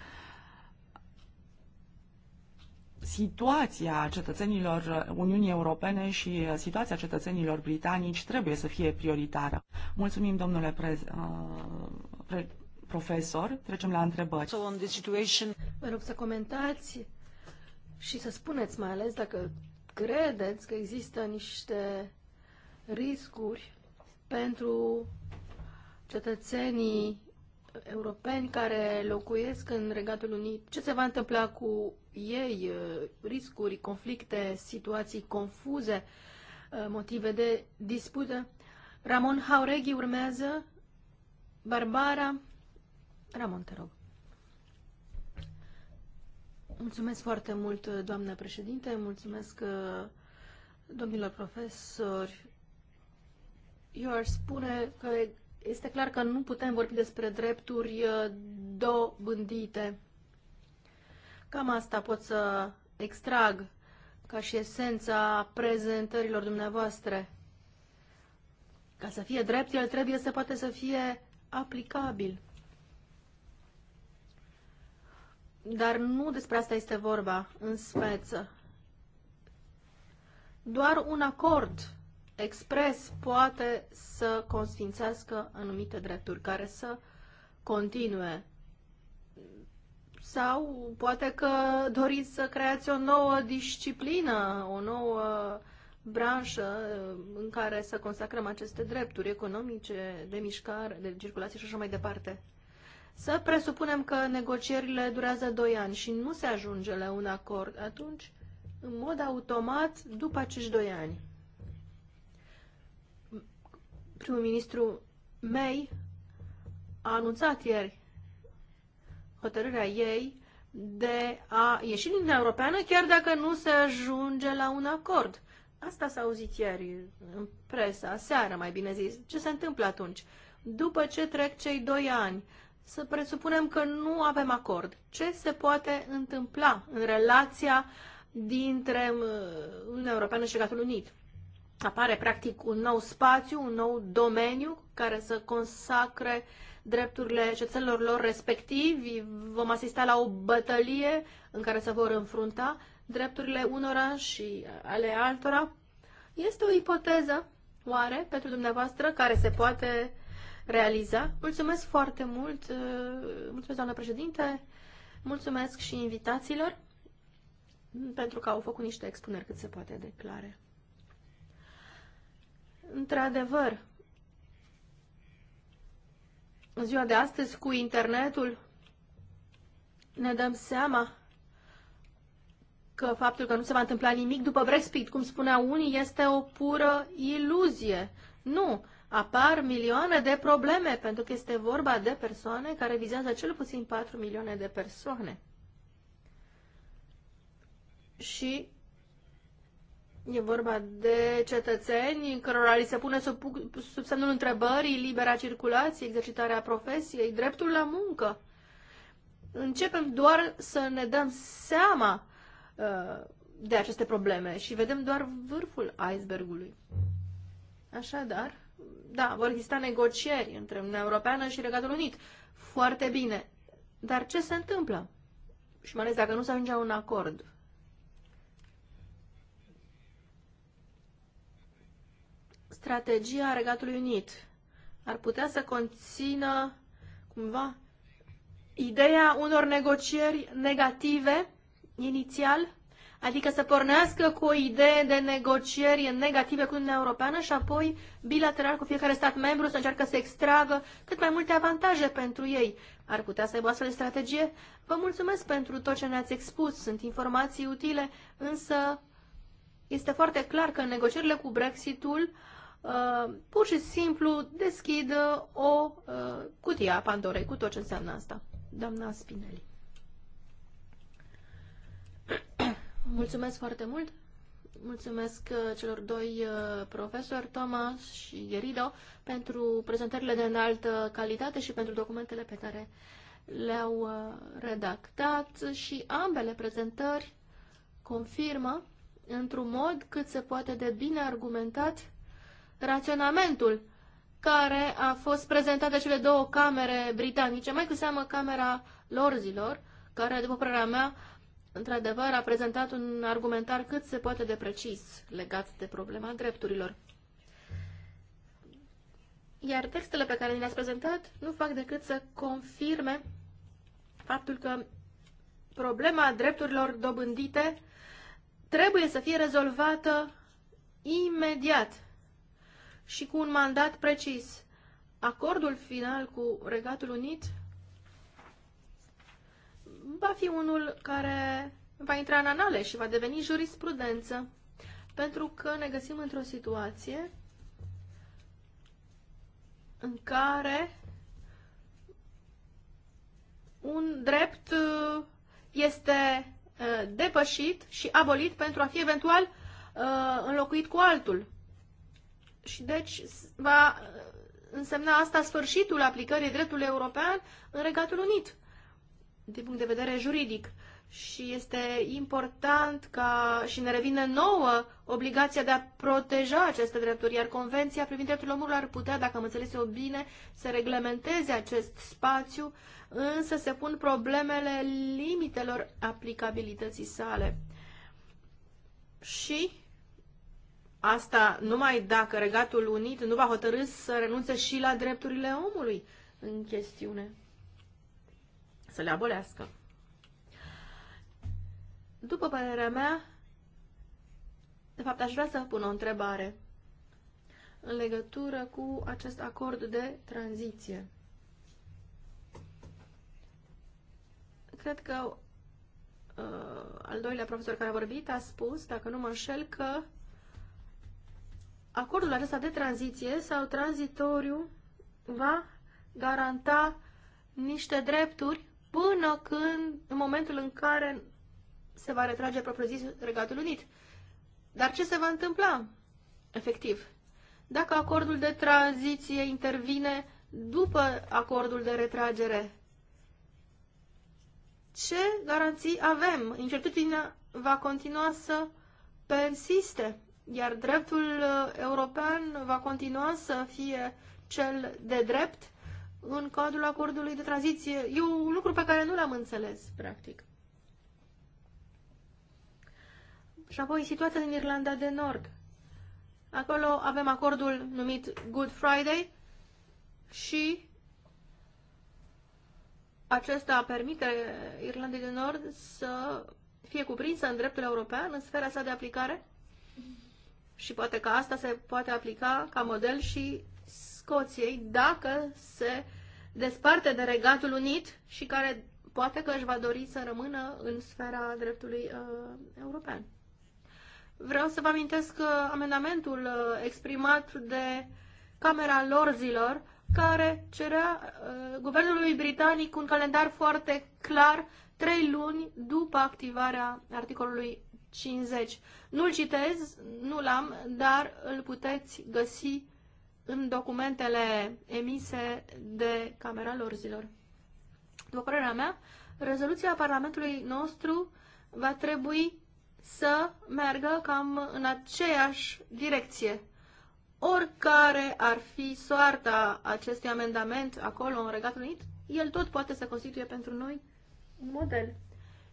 situația cetățenilor uh, Uniunii Europene și situația cetățenilor britanici trebuie să fie prioritară. Mulțumim, domnule pre, pre, profesor. Trecem la întrebări. Vă rog să comentați și să spuneți mai ales dacă credeți că există niște riscuri pentru cetățenii europeni care locuiesc în Regatul Unit. Ce se va întâmpla cu ei? Riscuri, conflicte, situații confuze, motive de dispută. Ramon Haureghi urmează, Barbara. Ramon, te rog. Mulțumesc foarte mult, doamnă președinte, mulțumesc uh, domnilor profesori. Eu aș spune că este clar că nu putem vorbi despre drepturi uh, dobândite. Cam asta pot să extrag ca și esența prezentărilor dumneavoastră. Ca să fie drept, el trebuie să poate să fie aplicabil. Dar nu despre asta este vorba în speță. Doar un acord expres poate să consfințească anumite drepturi care să continue. Sau poate că doriți să creați o nouă disciplină, o nouă branșă în care să consacrăm aceste drepturi economice, de mișcare, de circulație și așa mai departe. Să presupunem că negocierile durează 2 ani și nu se ajunge la un acord, atunci, în mod automat, după acești 2 ani, primul ministru May a anunțat ieri hotărârea ei de a ieși din Uniunea Europeană chiar dacă nu se ajunge la un acord. Asta s-a auzit ieri în presa, Seara mai bine zis. Ce se întâmplă atunci? După ce trec cei doi ani, să presupunem că nu avem acord. Ce se poate întâmpla în relația dintre uh, Uniunea Europeană și Regatul Unit? Apare practic un nou spațiu, un nou domeniu care să consacre drepturile cetățenilor lor respectivi. Vom asista la o bătălie în care se vor înfrunta drepturile unora și ale altora. Este o ipoteză, oare, pentru dumneavoastră, care se poate realiza. Mulțumesc foarte mult, uh, mulțumesc doamnă președinte, mulțumesc și invitațiilor pentru că au făcut niște expuneri cât se poate de clare. Într-adevăr, în ziua de astăzi, cu internetul, ne dăm seama că faptul că nu se va întâmpla nimic după Brexit, cum spunea unii, este o pură iluzie. Nu, apar milioane de probleme, pentru că este vorba de persoane care vizează cel puțin 4 milioane de persoane. Și e vorba de cetățeni în cărora li se pune sub, sub semnul întrebării libera circulație, exercitarea profesiei, dreptul la muncă. Începem doar să ne dăm seama uh, de aceste probleme și vedem doar vârful icebergului. Așadar, da, vor exista negocieri între Uniunea Europeană și Regatul Unit. Foarte bine. Dar ce se întâmplă? Și mai ales dacă nu se ajunge un acord. Strategia Regatului Unit ar putea să conțină cumva ideea unor negocieri negative inițial Adică să pornească cu o idee de negocieri negative cu Uniunea Europeană și apoi bilateral cu fiecare stat membru să încearcă să extragă cât mai multe avantaje pentru ei. Ar putea să aibă astfel de strategie? Vă mulțumesc pentru tot ce ne-ați expus, sunt informații utile, însă este foarte clar că negocierile cu Brexitul uh, pur și simplu deschid uh, o uh, cutie a Pandorei cu tot ce înseamnă asta. Doamna Spinelli. Mulțumesc foarte mult. Mulțumesc uh, celor doi uh, profesori, Thomas și Gherido, pentru prezentările de înaltă calitate și pentru documentele pe care le-au uh, redactat și ambele prezentări confirmă într-un mod cât se poate de bine argumentat raționamentul care a fost prezentat de cele două camere britanice, mai cu seamă camera lorzilor, care, după părerea mea, într-adevăr, a prezentat un argumentar cât se poate de precis legat de problema drepturilor. Iar textele pe care ni le-ați prezentat nu fac decât să confirme faptul că problema drepturilor dobândite trebuie să fie rezolvată imediat și cu un mandat precis. Acordul final cu Regatul Unit va fi unul care va intra în anale și va deveni jurisprudență, pentru că ne găsim într-o situație în care un drept uh, este uh, depășit și abolit pentru a fi eventual uh, înlocuit cu altul. Și deci va însemna asta sfârșitul aplicării dreptului european în Regatul Unit din punct de vedere juridic și este important ca și ne revine nouă obligația de a proteja aceste drepturi, iar Convenția privind drepturile omului ar putea, dacă am înțeles eu bine, să reglementeze acest spațiu, însă se pun problemele limitelor aplicabilității sale. Și asta numai dacă Regatul Unit nu va hotărâ să renunțe și la drepturile omului în chestiune să le abolească. După părerea mea, de fapt aș vrea să pun o întrebare în legătură cu acest acord de tranziție. Cred că uh, al doilea profesor care a vorbit a spus, dacă nu mă înșel, că acordul acesta de tranziție sau tranzitoriu va garanta niște drepturi până când, în momentul în care se va retrage propriu-zis Regatul Unit. Dar ce se va întâmpla, efectiv? Dacă acordul de tranziție intervine după acordul de retragere, ce garanții avem? Incertitudinea va continua să persiste, iar dreptul uh, european va continua să fie cel de drept în cadrul acordului de tranziție. E un lucru pe care nu l-am înțeles, practic. Și apoi situația din Irlanda de Nord. Acolo avem acordul numit Good Friday și acesta permite Irlandei de Nord să fie cuprinsă în dreptul european, în sfera sa de aplicare și poate că asta se poate aplica ca model și Scoției dacă se desparte de Regatul Unit și care poate că își va dori să rămână în sfera dreptului uh, european. Vreau să vă amintesc uh, amendamentul uh, exprimat de Camera Lorzilor, care cerea uh, guvernului britanic un calendar foarte clar, trei luni după activarea articolului 50. Nu-l citez, nu l-am, dar îl puteți găsi în documentele emise de Camera Lorzilor. După părerea mea, rezoluția Parlamentului nostru va trebui să meargă cam în aceeași direcție. Oricare ar fi soarta acestui amendament acolo în Regatul Unit, el tot poate să constituie pentru noi un model.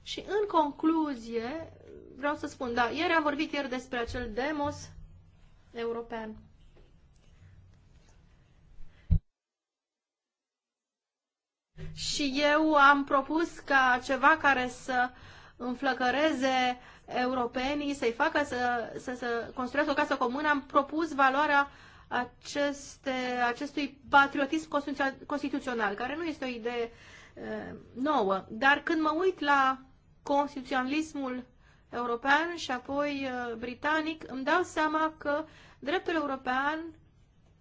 Și în concluzie, vreau să spun, da, ieri am vorbit ieri despre acel demos european. și eu am propus ca ceva care să înflăcăreze europenii, să-i facă să, să, să construiască o casă comună, am propus valoarea aceste, acestui patriotism constituțional, care nu este o idee uh, nouă. Dar când mă uit la constituționalismul european și apoi uh, britanic, îmi dau seama că dreptul european,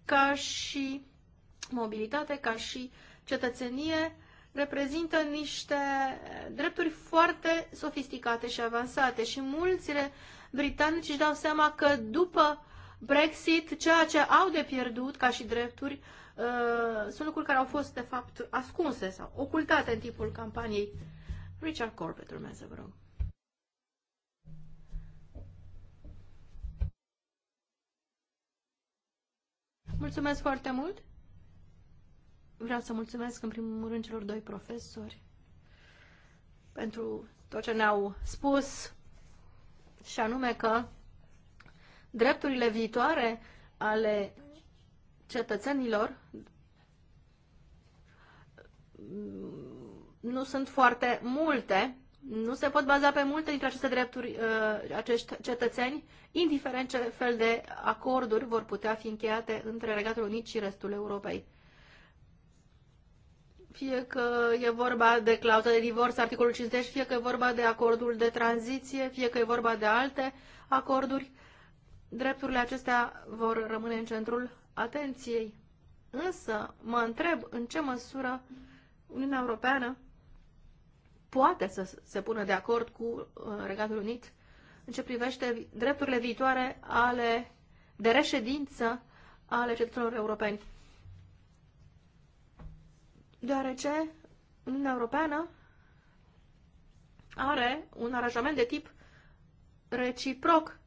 ca și mobilitate, ca și uh, cetățenie reprezintă niște drepturi foarte sofisticate și avansate și mulți britanici își dau seama că după Brexit, ceea ce au de pierdut ca și drepturi uh, sunt lucruri care au fost de fapt ascunse sau ocultate în timpul campaniei. Richard Corbett urmează, vă rog. Mulțumesc foarte mult! Vreau să mulțumesc în primul rând celor doi profesori pentru tot ce ne-au spus și anume că drepturile viitoare ale cetățenilor nu sunt foarte multe, nu se pot baza pe multe dintre aceste drepturi uh, acești cetățeni, indiferent ce fel de acorduri vor putea fi încheiate între Regatul Unit și restul Europei fie că e vorba de clauza de divorț, articolul 50, fie că e vorba de acordul de tranziție, fie că e vorba de alte acorduri, drepturile acestea vor rămâne în centrul atenției. Însă mă întreb în ce măsură Uniunea Europeană poate să se pună de acord cu uh, Regatul Unit în ce privește drepturile viitoare ale de reședință ale cetățenilor europeni deoarece Uniunea Europeană are un aranjament de tip reciproc.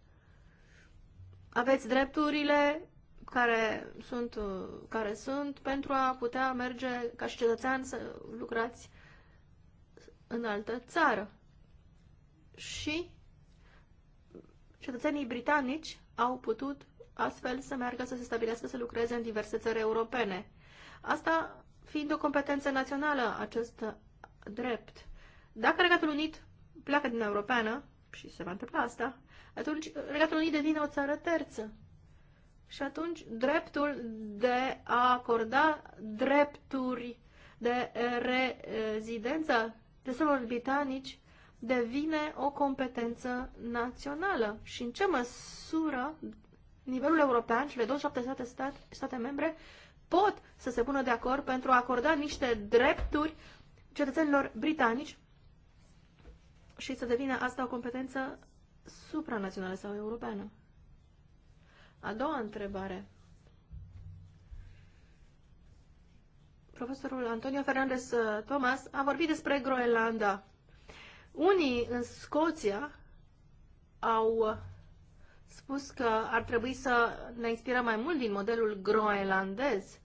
Aveți drepturile care sunt, care sunt pentru a putea merge ca și cetățean să lucrați în altă țară. Și cetățenii britanici au putut astfel să meargă să se stabilească să lucreze în diverse țări europene. Asta fiind o competență națională acest drept. Dacă Regatul Unit pleacă din Europeană, și se va întâmpla asta, atunci Regatul Unit devine o țară terță. Și atunci dreptul de a acorda drepturi de rezidență deselor britanici devine o competență națională. Și în ce măsură nivelul european și 27 state, state membre pot să se pună de acord pentru a acorda niște drepturi cetățenilor britanici și să devină asta o competență supranațională sau europeană. A doua întrebare. Profesorul Antonio Fernandez uh, Thomas a vorbit despre Groenlanda. Unii în Scoția au uh, spus că ar trebui să ne inspirăm mai mult din modelul groenlandez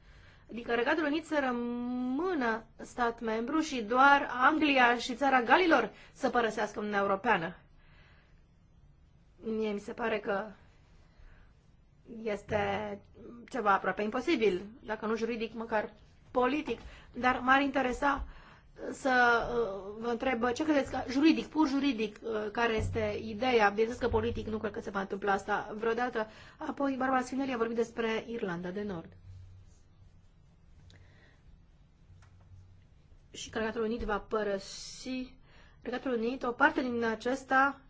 adică Regatul Unit să rămână stat membru și doar Anglia și țara Galilor să părăsească Uniunea Europeană. Mie mi se pare că este ceva aproape imposibil, dacă nu juridic, măcar politic, dar m-ar interesa să uh, vă întreb ce credeți că juridic, pur juridic, uh, care este ideea, bineînțeles că politic nu cred că se va întâmpla asta vreodată. Apoi, Barbara Sfinelli a vorbit despre Irlanda de Nord. și că Regatul Unit va părăsi Regatul Unit, o parte din acesta,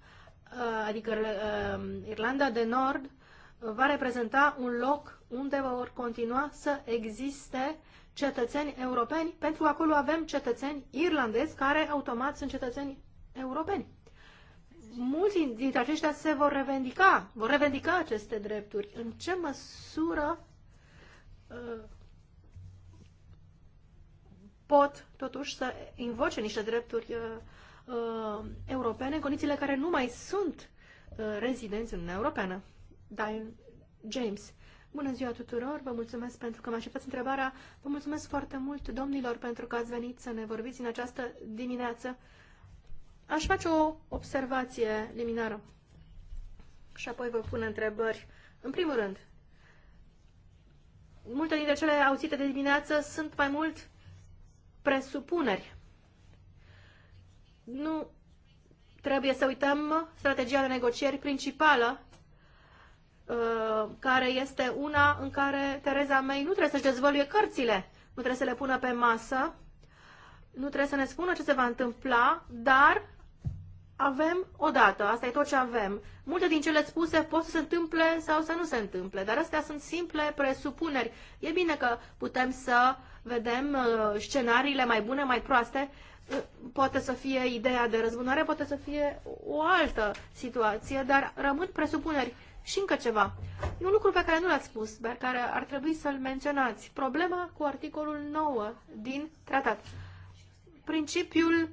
uh, adică uh, Irlanda de Nord, va reprezenta un loc unde vor continua să existe cetățeni europeni, pentru că acolo avem cetățeni irlandezi care automat sunt cetățeni europeni. Mulți dintre aceștia se vor revendica, vor revendica aceste drepturi. În ce măsură uh, pot totuși să invoce niște drepturi uh, uh, europene în condițiile care nu mai sunt uh, rezidenți în Uniunea Europeană. Diane James. Bună ziua tuturor, vă mulțumesc pentru că mă așteptați întrebarea. Vă mulțumesc foarte mult, domnilor, pentru că ați venit să ne vorbiți în această dimineață. Aș face o observație liminară și apoi vă pun întrebări. În primul rând, multe dintre cele auzite de dimineață sunt mai mult presupuneri. Nu trebuie să uităm strategia de negocieri principală, uh, care este una în care Tereza May nu trebuie să-și dezvăluie cărțile, nu trebuie să le pună pe masă, nu trebuie să ne spună ce se va întâmpla, dar avem o dată, asta e tot ce avem. Multe din cele spuse pot să se întâmple sau să nu se întâmple, dar astea sunt simple presupuneri. E bine că putem să vedem uh, scenariile mai bune, mai proaste, uh, poate să fie ideea de răzbunare, poate să fie o altă situație, dar rămân presupuneri. Și încă ceva. E un lucru pe care nu l-ați spus, dar care ar trebui să-l menționați. Problema cu articolul 9 din tratat. Principiul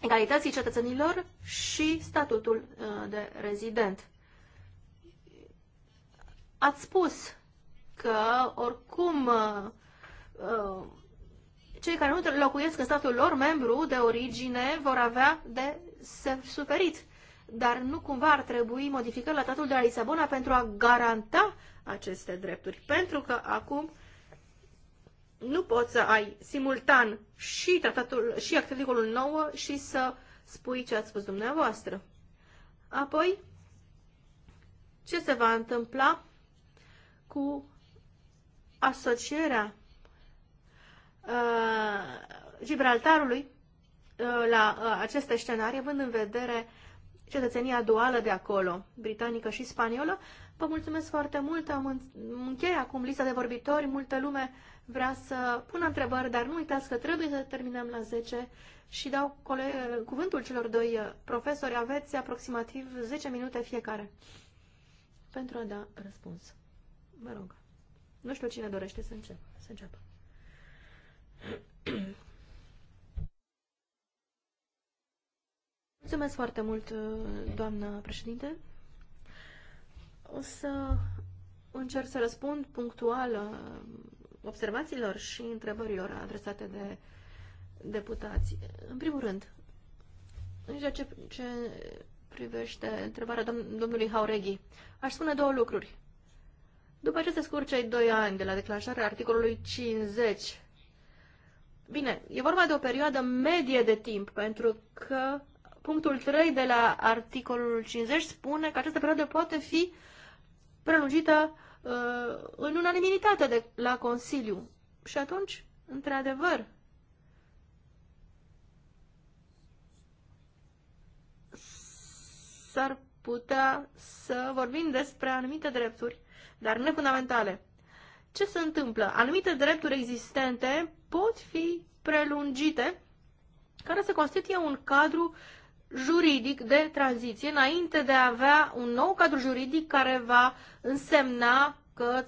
egalității cetățenilor și statutul uh, de rezident. Ați spus că oricum Uh, cei care nu locuiesc în statul lor membru de origine vor avea de suferit. Dar nu cumva ar trebui modificări la statul de la Lisabona pentru a garanta aceste drepturi. Pentru că acum nu poți să ai simultan și, tratatul, și articolul 9 și să spui ce ați spus dumneavoastră. Apoi, ce se va întâmpla cu asocierea Uh, Gibraltarului uh, la uh, aceste scenarii, având în vedere cetățenia duală de acolo, britanică și spaniolă. Vă mulțumesc foarte mult, am încheiat acum lista de vorbitori, multă lume vrea să pună întrebări, dar nu uitați că trebuie să terminăm la 10 și dau cuvântul celor doi profesori. Aveți aproximativ 10 minute fiecare pentru a da răspuns. Vă rog. Nu știu cine dorește să, încep, să înceapă. Mulțumesc foarte mult, doamnă președinte. O să încerc să răspund punctual uh, observațiilor și întrebărilor adresate de deputați. În primul rând, în ceea ce, ce privește întrebarea domnului Haureghi, aș spune două lucruri. După ce se scurg cei doi ani de la declanșarea articolului 50 Bine, e vorba de o perioadă medie de timp, pentru că punctul 3 de la articolul 50 spune că această perioadă poate fi prelungită uh, în unanimitate de, la Consiliu. Și atunci, într-adevăr, s-ar putea să vorbim despre anumite drepturi, dar nefundamentale ce se întâmplă? Anumite drepturi existente pot fi prelungite, care se constituie un cadru juridic de tranziție, înainte de a avea un nou cadru juridic care va însemna că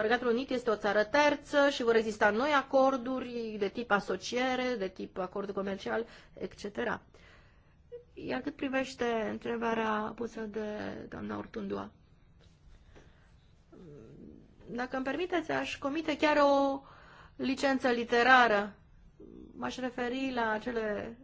Regatul Unit este o țară terță și vor exista noi acorduri de tip asociere, de tip acord comercial, etc. Iar cât privește întrebarea pusă de doamna Ortundua, dacă îmi permiteți, aș comite chiar o licență literară. M-aș referi la acele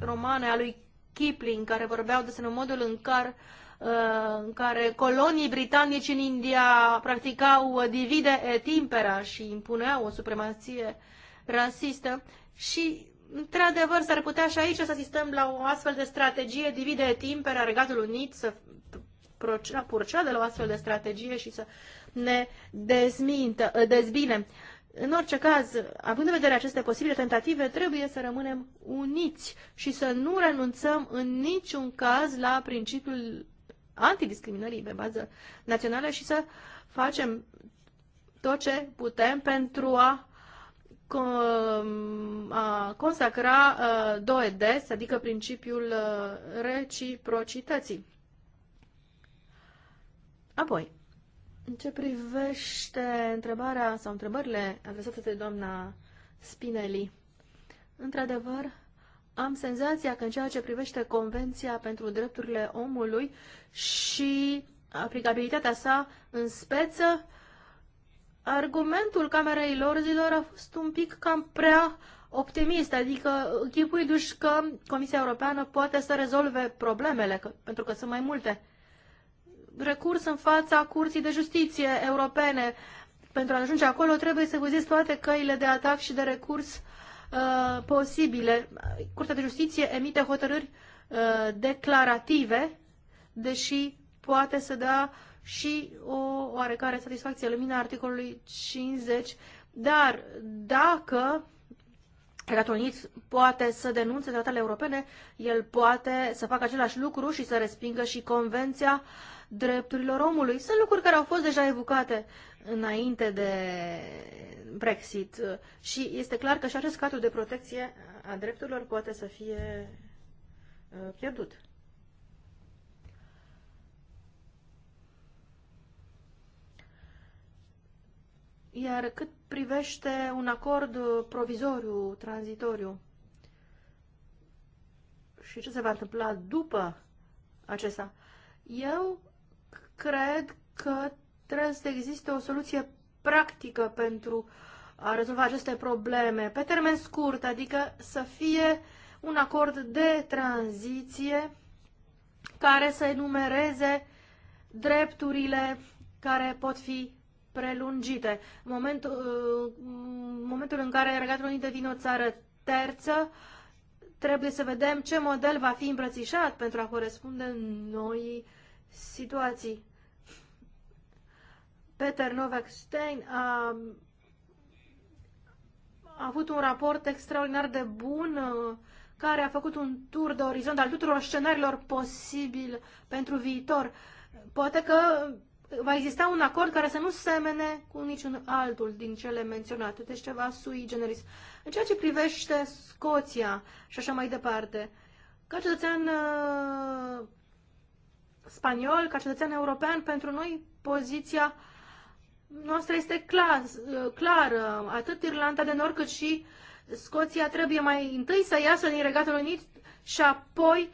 romane a lui Kipling, care vorbeau despre modul în care, uh, în care colonii britanici în India practicau divide et impera și impuneau o supremație rasistă și Într-adevăr, s-ar putea și aici să asistăm la o astfel de strategie divide et impera Regatul Unit să purcea de la o astfel de strategie și să ne dezmintă, dezbinem. În orice caz, având în vedere aceste posibile tentative, trebuie să rămânem uniți și să nu renunțăm în niciun caz la principiul antidiscriminării pe bază națională și să facem tot ce putem pentru a, a consacra uh, DOEDES, adică principiul uh, reciprocității. Apoi, în ce privește întrebarea sau întrebările adresate de doamna Spinelli, într-adevăr, am senzația că în ceea ce privește Convenția pentru Drepturile Omului și aplicabilitatea sa în speță, argumentul Camerei Lorzilor a fost un pic cam prea optimist, adică chipui duși că Comisia Europeană poate să rezolve problemele, că, pentru că sunt mai multe recurs în fața Curții de Justiție Europene. Pentru a ajunge acolo trebuie să vizezi toate căile de atac și de recurs uh, posibile. Curtea de Justiție emite hotărâri uh, declarative, deși poate să dea și o oarecare satisfacție lumina articolului 50, dar dacă Regatul poate să denunțe tratatele europene, el poate să facă același lucru și să respingă și Convenția uh, drepturilor omului. Sunt lucruri care au fost deja evocate înainte de Brexit și este clar că și acest cadru de protecție a drepturilor poate să fie uh, pierdut. Iar cât privește un acord provizoriu, tranzitoriu, și ce se va întâmpla după acesta, eu Cred că trebuie să existe o soluție practică pentru a rezolva aceste probleme pe termen scurt, adică să fie un acord de tranziție care să enumereze drepturile care pot fi prelungite. În momentul, uh, în momentul în care Regatul Unit devine o țară terță, trebuie să vedem ce model va fi îmbrățișat pentru a corespunde noi situații. Peter Novak Stein a, a avut un raport extraordinar de bun uh, care a făcut un tur de orizont al tuturor scenariilor posibil pentru viitor. Poate că va exista un acord care să nu semene cu niciun altul din cele menționate, deci ceva sui generis. În ceea ce privește Scoția și așa mai departe, ca cetățean uh, spaniol, ca cetățean european, pentru noi poziția noastră este clar, clară. Atât Irlanda de Nord cât și Scoția trebuie mai întâi să iasă din Regatul Unit și apoi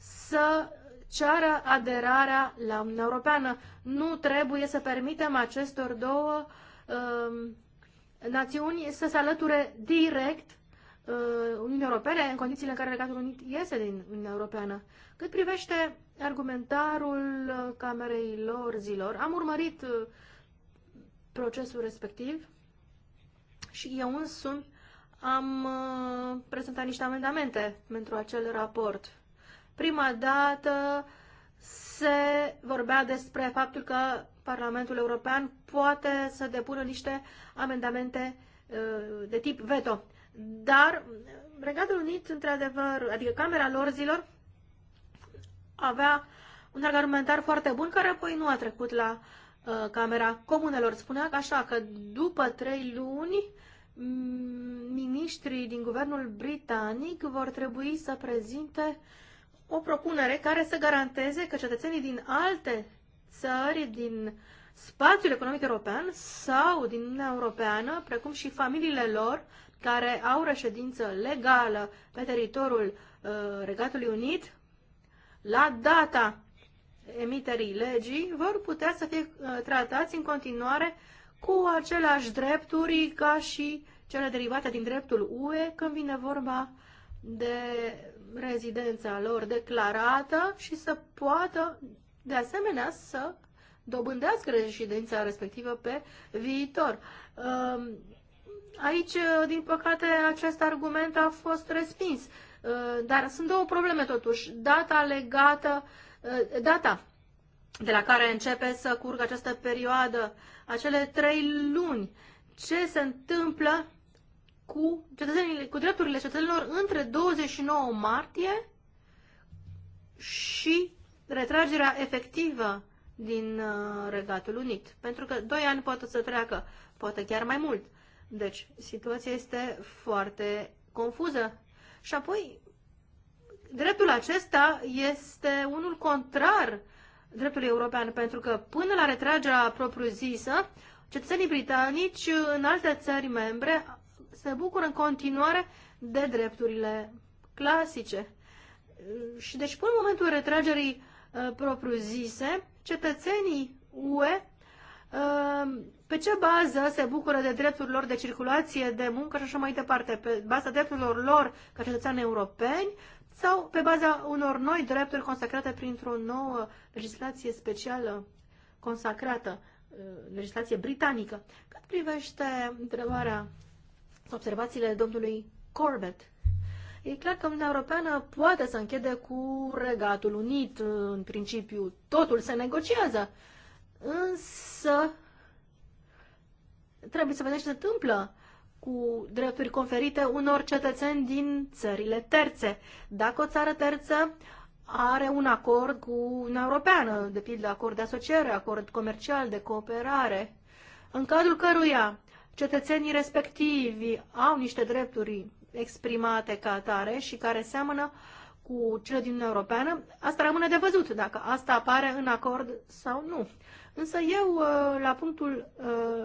să ceară aderarea la Uniunea Europeană. Nu trebuie să permitem acestor două um, națiuni să se alăture direct uh, Uniunii Europene în condițiile în care Regatul Unit iese din Uniunea Europeană. Cât privește argumentarul uh, Camerei lor zilor. Am urmărit uh, procesul respectiv și eu însumi am uh, prezentat niște amendamente pentru acel raport. Prima dată se vorbea despre faptul că Parlamentul European poate să depună niște amendamente de tip veto. Dar Regatul Unit, într-adevăr, adică Camera lor zilor, avea un argumentar foarte bun care apoi nu a trecut la uh, Camera Comunelor. Spunea că așa că după trei luni miniștrii din guvernul britanic vor trebui să prezinte o propunere care să garanteze că cetățenii din alte țări din spațiul economic european sau din Uniunea Europeană, precum și familiile lor care au reședință legală pe teritoriul uh, Regatului Unit, la data emiterii legii, vor putea să fie uh, tratați în continuare cu aceleași drepturi ca și cele derivate din dreptul UE când vine vorba de rezidența lor declarată și să poată de asemenea să dobândească rezidența respectivă pe viitor. Um, aici, uh, din păcate, acest argument a fost respins Uh, dar sunt două probleme totuși. Data legată, uh, data de la care începe să curgă această perioadă, acele trei luni, ce se întâmplă cu, cu drepturile cetățenilor între 29 martie și retragerea efectivă din uh, Regatul Unit. Pentru că doi ani poate să treacă, poate chiar mai mult. Deci, situația este foarte confuză și apoi, dreptul acesta este unul contrar dreptului european, pentru că până la retragerea propriu-zisă, cetățenii britanici în alte țări membre se bucură în continuare de drepturile clasice. Și deci, până în momentul retragerii uh, propriu-zise, cetățenii UE Ehm, pe ce bază se bucură de dreptul lor de circulație, de muncă și așa mai departe, pe baza drepturilor lor ca cetățeni europeni sau pe baza unor noi drepturi consacrate printr-o nouă legislație specială consacrată, eh, legislație britanică. Cât privește întrebarea, observațiile domnului Corbett, E clar că Uniunea Europeană poate să închede cu Regatul Unit, în principiu. Totul se negociază însă trebuie să vedem ce se întâmplă cu drepturi conferite unor cetățeni din țările terțe. Dacă o țară terță are un acord cu Uniunea Europeană, de pildă acord de asociere, acord comercial, de cooperare, în cadrul căruia cetățenii respectivi au niște drepturi exprimate ca atare și care seamănă cu cele din Uniunea Europeană, asta rămâne de văzut dacă asta apare în acord sau nu. Însă eu, uh, la punctul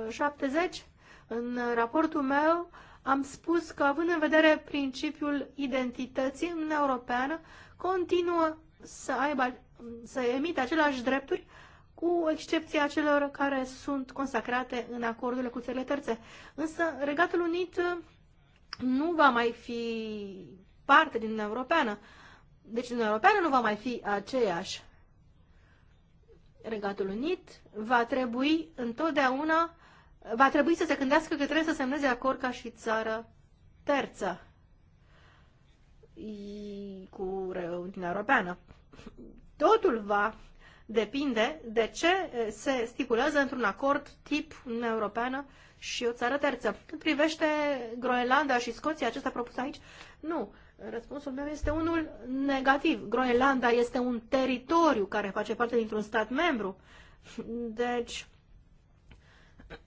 70, uh, în raportul meu, am spus că, având în vedere principiul identității, în Europeană continuă să aibă, să emite aceleași drepturi cu excepția celor care sunt consacrate în acordurile cu țările terțe. Însă Regatul Unit uh, nu va mai fi parte din Uniunea Europeană. Deci Uniunea Europeană nu va mai fi aceeași. Regatul Unit va trebui întotdeauna va trebui să se gândească că trebuie să semneze acord ca și țară terță cu Uniunea Europeană. Totul va depinde de ce se stipulează într-un acord tip Uniunea Europeană și o țară terță. Cât privește Groenlanda și Scoția, acesta propus aici, nu. Răspunsul meu este unul negativ. Groenlanda este un teritoriu care face parte dintr-un stat membru. Deci,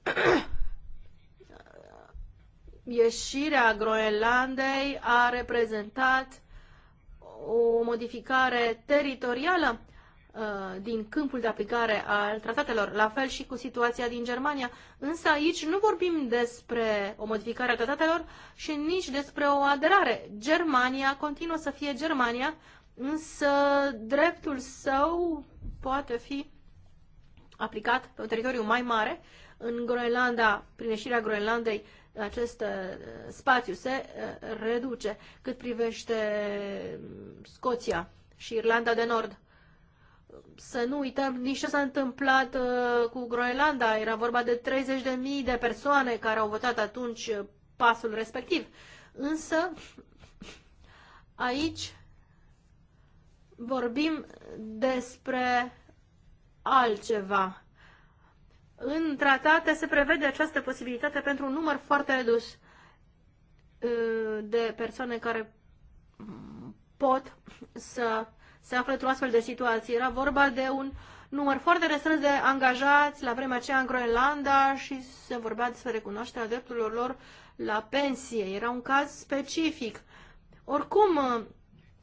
ieșirea Groenlandei a reprezentat o modificare teritorială Uh, din câmpul de aplicare al tratatelor, la fel și cu situația din Germania. Însă aici nu vorbim despre o modificare a tratatelor și nici despre o aderare. Germania continuă să fie Germania, însă dreptul său poate fi aplicat pe un teritoriu mai mare. În Groenlanda, prin ieșirea Groenlandei, acest uh, spațiu se uh, reduce cât privește Scoția și Irlanda de Nord să nu uităm nici ce s-a întâmplat uh, cu Groenlanda. Era vorba de 30.000 de persoane care au votat atunci uh, pasul respectiv. Însă, aici vorbim despre altceva. În tratate se prevede această posibilitate pentru un număr foarte redus uh, de persoane care pot să se află într-o astfel de situație. Era vorba de un număr foarte restrâns de angajați la vremea aceea în Groenlanda și se vorbea despre recunoașterea drepturilor lor la pensie. Era un caz specific. Oricum,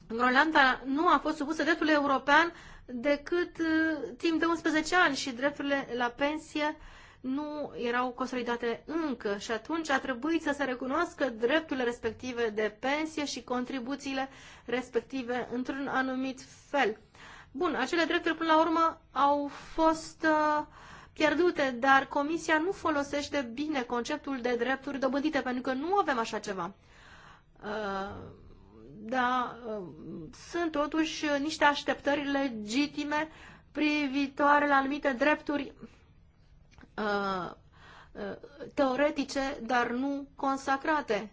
Groenlanda nu a fost supusă dreptului european decât uh, timp de 11 ani și drepturile la pensie uh, nu erau consolidate încă și atunci a trebuit să se recunoască drepturile respective de pensie și contribuțiile respective într-un anumit fel. Bun, acele drepturi până la urmă au fost uh, pierdute, dar Comisia nu folosește bine conceptul de drepturi dobândite, pentru că nu avem așa ceva. Uh, da, uh, sunt totuși niște așteptări legitime privitoare la anumite drepturi Uh, uh, teoretice, dar nu consacrate.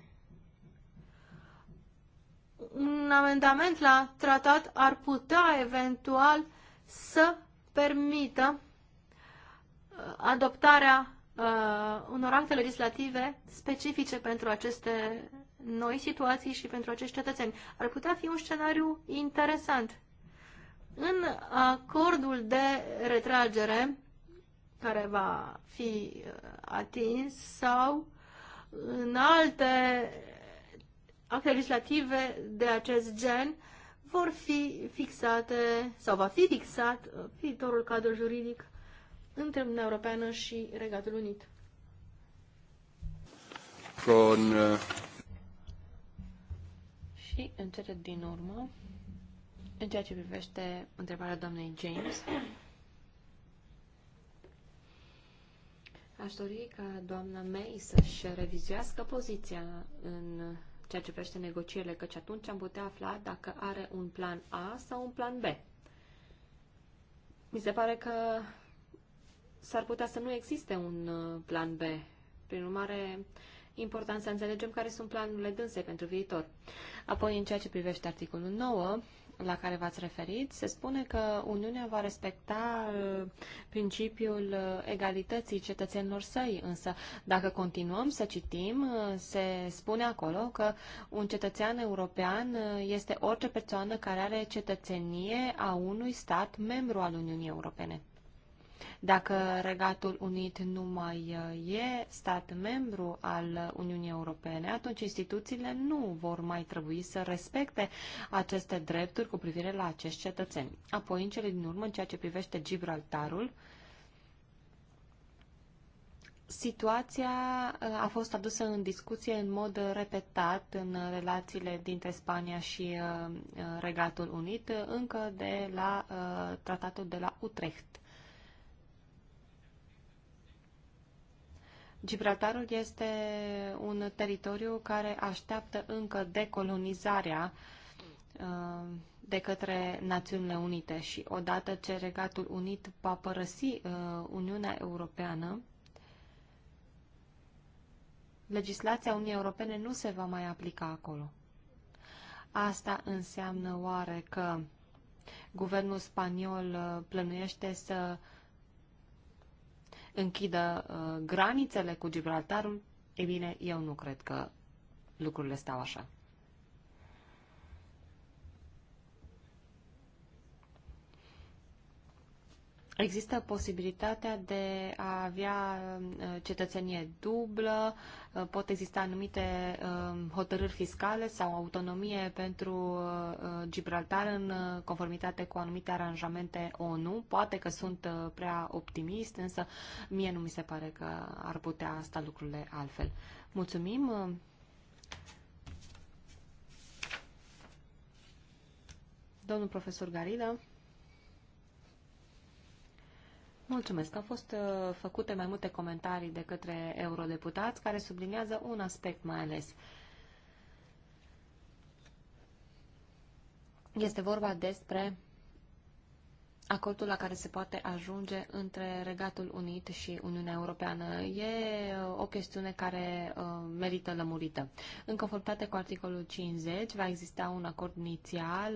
Un amendament la tratat ar putea eventual să permită uh, adoptarea uh, unor acte legislative specifice pentru aceste noi situații și pentru acești cetățeni. Ar putea fi un scenariu interesant. În acordul de retragere, care va fi uh, atins sau în alte acte legislative de acest gen vor fi fixate sau va fi fixat uh, viitorul cadru juridic între Uniunea Europeană și Regatul Unit. Con... Uh, și în din urmă, în ceea ce privește întrebarea doamnei James, Aș dori ca doamna May să-și revizuiască poziția în ceea ce privește negocierile, căci atunci am putea afla dacă are un plan A sau un plan B. Mi se pare că s-ar putea să nu existe un uh, plan B. Prin urmare, important să înțelegem care sunt planurile dânsei pentru viitor. Apoi, în ceea ce privește articolul 9, la care v-ați referit, se spune că Uniunea va respecta uh, principiul uh, egalității cetățenilor săi, însă dacă continuăm să citim, uh, se spune acolo că un cetățean european este orice persoană care are cetățenie a unui stat membru al Uniunii Europene. Dacă Regatul Unit nu mai uh, e stat membru al Uniunii Europene, atunci instituțiile nu vor mai trebui să respecte aceste drepturi cu privire la acești cetățeni. Apoi, în cele din urmă, în ceea ce privește Gibraltarul, Situația uh, a fost adusă în discuție în mod repetat în relațiile dintre Spania și uh, Regatul Unit, încă de la tratatul de la Utrecht. Gibraltarul este un teritoriu care așteaptă încă decolonizarea uh, de către Națiunile Unite și odată ce Regatul Unit va părăsi uh, Uniunea Europeană, legislația Uniunii Europene nu se va mai aplica acolo. Asta înseamnă oare că guvernul spaniol uh, plănuiește să uh, închidă uh, granițele cu Gibraltarul, e bine, eu nu cred că lucrurile stau așa. Există posibilitatea de a avea uh, cetățenie dublă, uh, pot exista anumite uh, hotărâri fiscale sau autonomie pentru Gibraltar în conformitate cu anumite aranjamente ONU. Poate că sunt prea optimist, însă mie nu mi se pare că ar putea sta lucrurile altfel. Mulțumim! Domnul profesor Garida. Mulțumesc. Au fost uh, făcute mai multe comentarii de către eurodeputați care sublinează un aspect mai ales. Este vorba despre acordul la care se poate ajunge între Regatul Unit și Uniunea Europeană. E uh, o chestiune care uh, merită lămurită. În conformitate cu articolul 50 va exista un acord inițial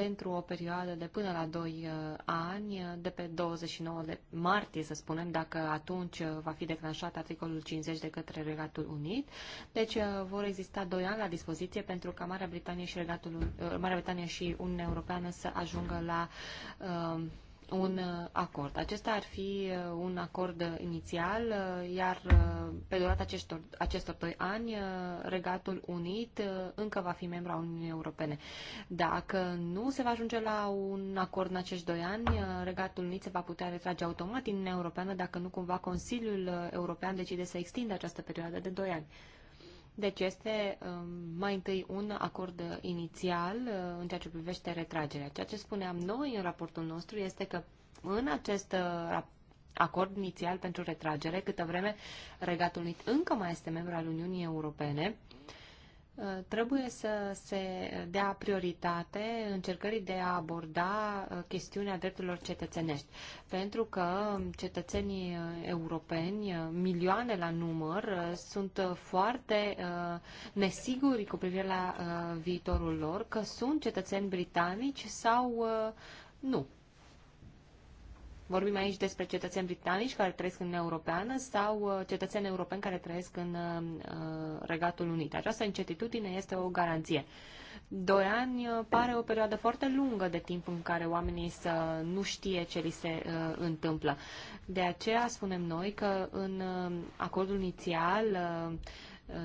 pentru o perioadă de până la 2 uh, ani, de pe 29 de martie, să spunem, dacă atunci uh, va fi declanșat articolul 50 de către Regatul Unit. Deci uh, vor exista 2 ani la dispoziție pentru ca Marea Britanie și, Regatul, Marea Britanie și Uniunea Europeană să ajungă la uh, un uh, acord. Acesta ar fi uh, un acord inițial, uh, iar pe durata acestor, acestor doi ani, Regatul Unit încă va fi membru al Uniunii Europene. Dacă nu se va ajunge la un acord în acești doi ani, Regatul Unit se va putea retrage automat din Uniunea Europeană dacă nu cumva Consiliul European decide să extindă această perioadă de doi ani. Deci este um, mai întâi un acord inițial uh, în ceea ce privește retragerea. Ceea ce spuneam noi în raportul nostru este că în acest uh, acord inițial pentru retragere, câtă vreme Regatul Unit încă mai este membru al Uniunii Europene, Uh, trebuie să se dea prioritate încercării de a aborda uh, chestiunea drepturilor cetățenești, pentru că cetățenii uh, europeni, milioane la număr, sunt foarte nesiguri cu privire la viitorul lor, că sunt cetățeni britanici sau nu. Vorbim aici despre cetățeni britanici care trăiesc în Europeană sau uh, cetățeni europeni care trăiesc în uh, uh, Regatul Unit. Această incertitudine este o garanție. Doi ani pare o perioadă foarte lungă de timp în care oamenii să nu știe ce li se uh, întâmplă. De aceea spunem noi că în uh, acordul inițial uh,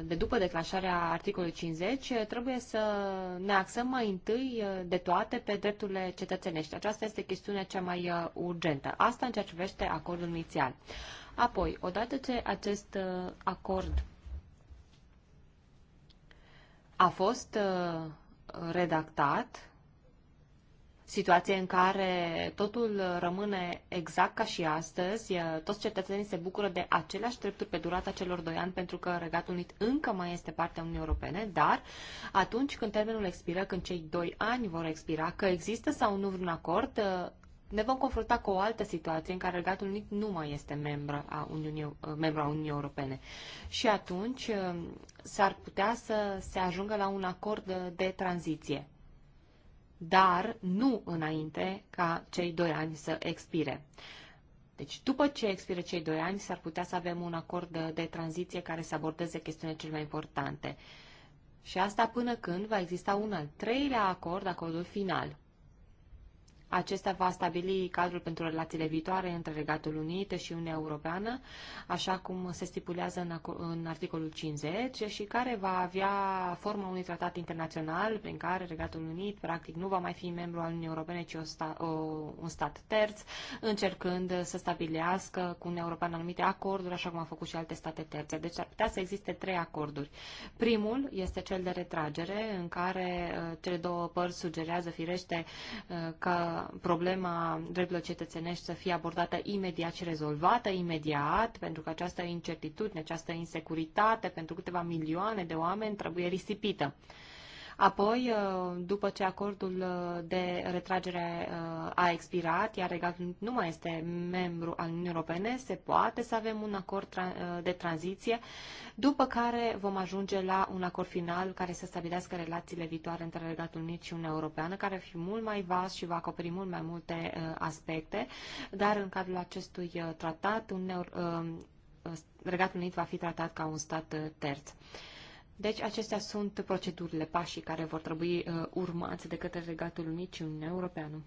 de după declanșarea articolului 50, trebuie să ne axăm mai întâi uh, de toate pe drepturile cetățenești. Aceasta este chestiunea cea mai uh, urgentă. Asta în ceea ce privește acordul inițial. Apoi, odată ce acest uh, acord a fost redactat, situație în care totul rămâne exact ca și astăzi, toți cetățenii se bucură de aceleași drepturi pe durata celor doi ani, pentru că Regatul Unit încă mai este partea Uniunii Europene, dar atunci când termenul expiră, când cei doi ani vor expira, că există sau nu vreun acord, ne vom confrunta cu o altă situație în care Regatul Unit nu mai este membru a Uniunii, membru a Uniunii Europene. Și atunci s-ar putea să se ajungă la un acord de, de tranziție dar nu înainte ca cei doi ani să expire. Deci, după ce expiră cei doi ani, s-ar putea să avem un acord de, de tranziție care să abordeze chestiunile cele mai importante. Și asta până când va exista un al treilea acord, acordul final. Acesta va stabili cadrul pentru relațiile viitoare între Regatul Unit și Uniunea Europeană, așa cum se stipulează în, în articolul 50 și care va avea forma unui tratat internațional prin care Regatul Unit practic nu va mai fi membru al Uniunii Europene, ci o sta, o, un stat terț, încercând să stabilească cu Uniunea Europeană anumite acorduri, așa cum au făcut și alte state terțe. Deci ar putea să existe trei acorduri. Primul este cel de retragere, în care uh, cele două părți sugerează firește uh, că problema drepturilor cetățenești să fie abordată imediat și rezolvată imediat, pentru că această incertitudine, această insecuritate pentru câteva milioane de oameni trebuie risipită. Apoi, uh, după ce acordul uh, de retragere uh, a expirat, iar Regatul nu mai este membru al Uniunii Europene, se poate să avem un acord de tranziție, după care vom ajunge la un acord final care să stabilească relațiile viitoare între Regatul Unit și Uniunea Europeană, care va fi mult mai vast și va acoperi mult mai multe aspecte, dar în cadrul acestui tratat, Regatul Unit va fi tratat ca un stat terț. Deci acestea sunt procedurile, pașii care vor trebui uh, urmați de către Regatul Unit și Uniunea Europeană.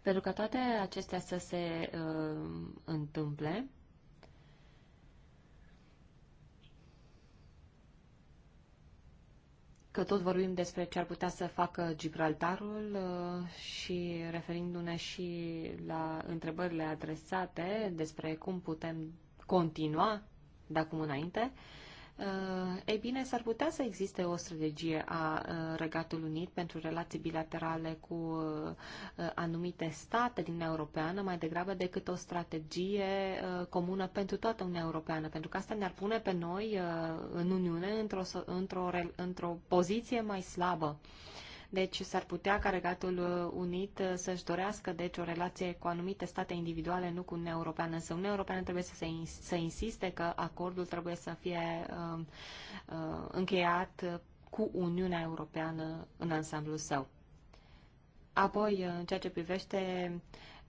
Pentru ca toate acestea să se uh, întâmple, că tot vorbim despre ce ar putea să facă Gibraltarul uh, și referindu-ne și la întrebările adresate despre cum putem continua de acum înainte, uh, ei bine, s-ar putea să existe o strategie a uh, Regatului Unit pentru relații bilaterale cu uh, anumite state din Uniunea Europeană, mai degrabă decât o strategie comună pentru toată Uniunea Europeană, pentru că asta ne-ar pune pe noi în Uniune într-o, într-o, într, -o, într -o poziție mai slabă. Deci s-ar putea ca Regatul Unit uh, să-și dorească deci o relație cu anumite state individuale, nu cu Uniunea Europeană. Însă Uniunea Europeană trebuie să, se, să insiste că acordul trebuie să fie uh, uh, încheiat cu Uniunea Europeană în ansamblul său. Apoi, în ceea ce privește uh,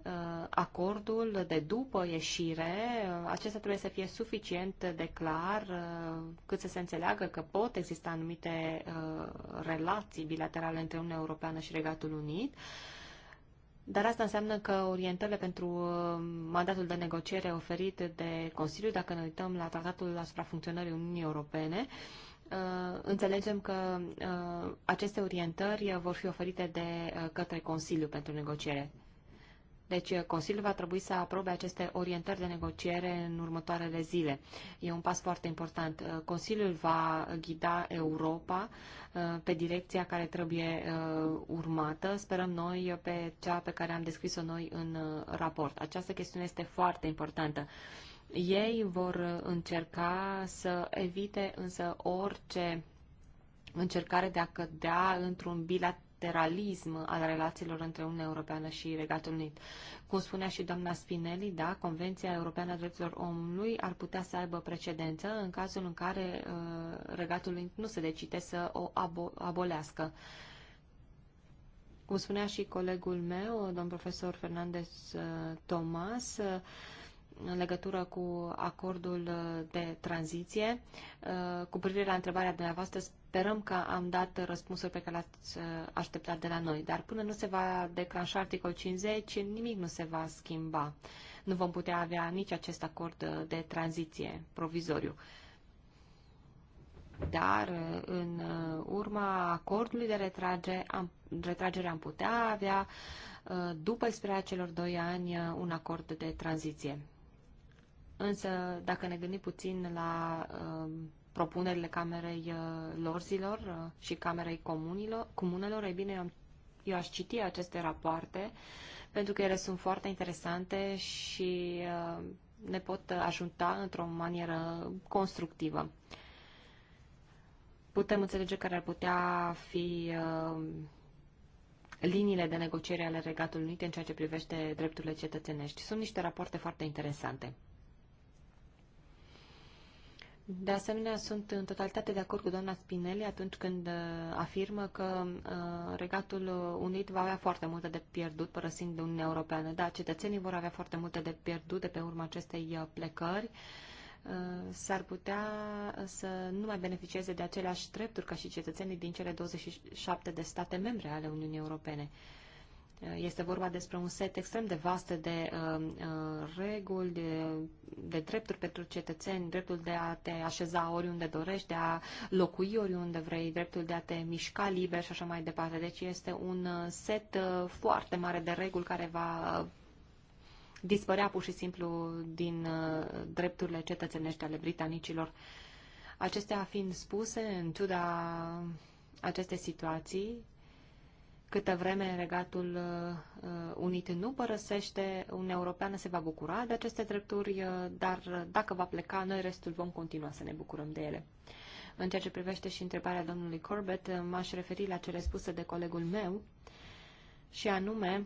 Uh, acordul de după ieșire, uh, acesta trebuie să fie suficient de clar uh, cât să se înțeleagă că pot exista anumite relații bilaterale între Uniunea Europeană și Regatul Unit. Dar asta înseamnă că orientările pentru mandatul de negociere oferit de Consiliu, dacă ne uităm la tratatul asupra funcționării Uniunii Europene, înțelegem că aceste orientări vor fi oferite de către Consiliu pentru negociere. Deci eh, Consiliul va trebui să aprobe aceste orientări de negociere în următoarele zile. E un pas foarte important. Eh, Consiliul va ghida Europa eh, pe direcția care trebuie urmată, sperăm noi pe cea pe care am descris-o noi în raport. Această chestiune este foarte importantă. Ei vor încerca să evite însă orice încercare de a cădea într-un bilat bilateralism al relațiilor între Uniunea Europeană și Regatul Unit. Cum spunea și doamna Spinelli, da, Convenția Europeană a Drepturilor Omului ar putea să aibă precedență în cazul în care uh, Regatul Unit nu se decide să o abo- abolească. Cum spunea și colegul meu, domn profesor Fernandez uh, Thomas, uh, în legătură cu acordul uh, de tranziție. Uh, cu privire la întrebarea dumneavoastră, sperăm că am dat răspunsul pe care l-ați uh, așteptat de la noi, dar până nu se va declanșa articol 50, nimic nu se va schimba. Nu vom putea avea nici acest acord de tranziție provizoriu. Dar în urma acordului de retrage, am, retragere am putea avea, după expirarea celor doi ani, un acord de tranziție. Însă, dacă ne gândim puțin la uh, propunerile Camerei uh, Lorzilor uh, și Camerei comunilor, Comunelor, ei bine, eu aș citi aceste rapoarte pentru că ele sunt foarte interesante și uh, ne pot ajuta într-o manieră constructivă. Putem înțelege care ar putea fi uh, liniile de negociere ale Regatului Unit în ceea ce privește drepturile cetățenești. Sunt niște rapoarte foarte interesante. De asemenea, sunt în totalitate de acord cu doamna Spinelli atunci când uh, afirmă că uh, Regatul Unit va avea foarte multe de pierdut părăsind Uniunea Europeană. Da, cetățenii vor avea foarte multe de pierdut de pe urma acestei uh, plecări s-ar putea să nu mai beneficieze de aceleași drepturi ca și cetățenii din cele 27 de state membre ale Uniunii Europene. Este vorba despre un set extrem de vast de uh, uh, reguli, de, de drepturi pentru cetățeni, dreptul de a te așeza oriunde dorești, de a locui oriunde vrei, dreptul de a te mișca liber și așa mai departe. Deci este un uh, set foarte mare de reguli care va dispărea pur și simplu din drepturile cetățenești ale britanicilor. Acestea fiind spuse, în ciuda acestei situații, Câtă vreme Regatul uh, uh, Unit nu părăsește, Uniunea Europeană se va bucura de aceste drepturi, uh, dar dacă va pleca, noi restul vom continua să ne bucurăm de ele. În ceea ce privește și întrebarea domnului Corbett, m-aș referi la cele spuse de colegul meu, și anume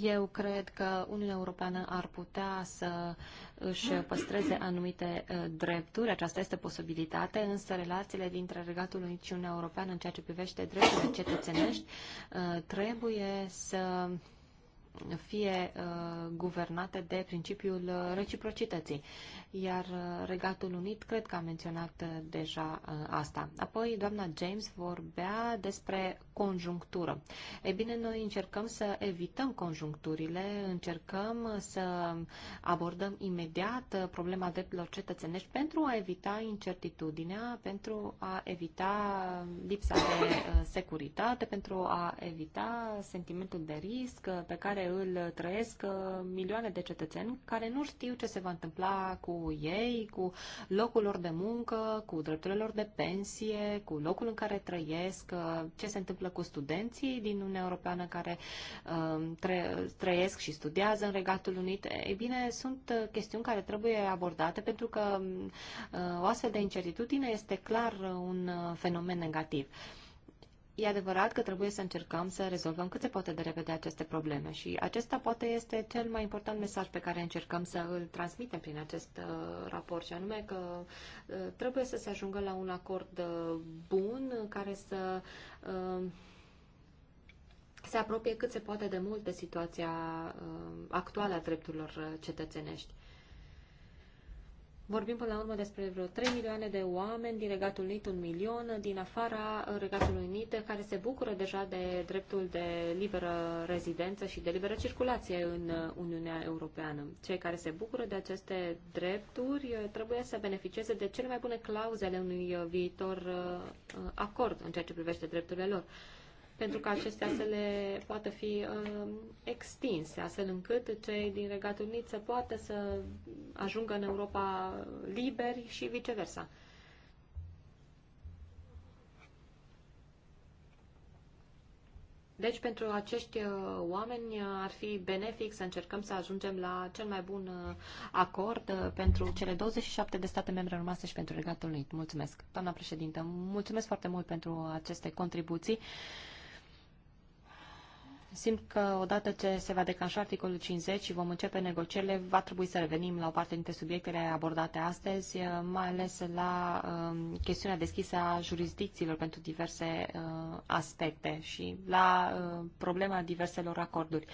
eu cred că Uniunea Europeană ar putea să își păstreze anumite uh, drepturi, aceasta este posibilitate, însă relațiile dintre Regatul Unit și Uniunea Europeană în ceea ce privește drepturile cetățenești uh, trebuie să fie uh, guvernate de principiul reciprocității iar uh, Regatul Unit cred că a menționat uh, deja uh, asta. Apoi doamna James vorbea despre conjunctură. E bine, noi încercăm să evităm conjuncturile, încercăm să abordăm imediat problema drepturilor cetățenești pentru a evita incertitudinea, pentru a evita lipsa de securitate, pentru a evita sentimentul de risc pe care îl trăiesc milioane de cetățeni care nu știu ce se va întâmpla cu cu ei, cu locul lor de muncă, cu drepturile lor de pensie, cu locul în care trăiesc, uh, ce se întâmplă cu studenții din Uniunea Europeană care um, trăiesc și studiază în Regatul Unit. Ei bine, sunt uh, chestiuni care trebuie abordate pentru că um, uh, o astfel de incertitudine este clar un fenomen negativ. E adevărat că trebuie să încercăm să rezolvăm cât se poate de repede aceste probleme și acesta poate este cel mai important mesaj pe care încercăm să îl transmitem prin acest uh, raport și anume că uh, trebuie să se ajungă la un acord uh, bun care să se apropie cât se poate de mult de situația actuală a drepturilor cetățenești. Vorbim până la urmă despre vreo 3 milioane de oameni din Regatul Unit, un milion din afara Regatului Unit, care se bucură deja de dreptul de liberă rezidență și de liberă circulație în Uniunea Europeană. Cei care se bucură de aceste drepturi trebuie să beneficieze de cele mai bune clauze ale unui viitor uh, acord în ceea ce privește drepturile lor pentru că acestea să le poată fi uh, extinse, astfel încât cei din Regatul Unit să poată să ajungă în Europa liberi și viceversa. Deci, pentru acești uh, oameni uh, ar fi benefic să încercăm să ajungem la cel mai bun uh, acord pentru cele 27 de state membre rămase și pentru Regatul Unit. Mulțumesc, doamna președintă. Mulțumesc foarte mult pentru aceste contribuții. Simt că odată ce se va declanșa articolul 50 și vom începe negocierile, va trebui să revenim la o parte dintre subiectele abordate astăzi, eh, mai ales la ehm, chestiunea deschisă a jurisdicțiilor pentru diverse uh, aspecte și la uh, problema diverselor acorduri.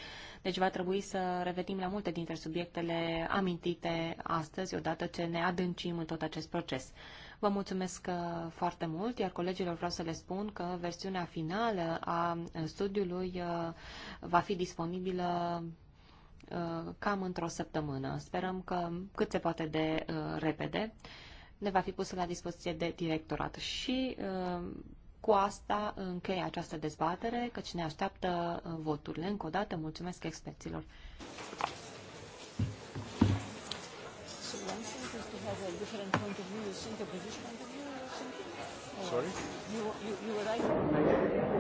Deci va trebui să revenim la multe dintre subiectele amintite astăzi, odată ce ne adâncim în tot acest proces. Vă mulțumesc uh, foarte mult, iar colegilor vreau să le spun că versiunea finală a uh, studiului uh, va fi disponibilă cam într-o săptămână. Sperăm că cât se poate de repede ne va fi pusă la dispoziție de directorat și cu asta încheie această dezbatere, căci ne așteaptă voturile. Încă o dată, mulțumesc experților. So one different Sorry? You, you, you were right.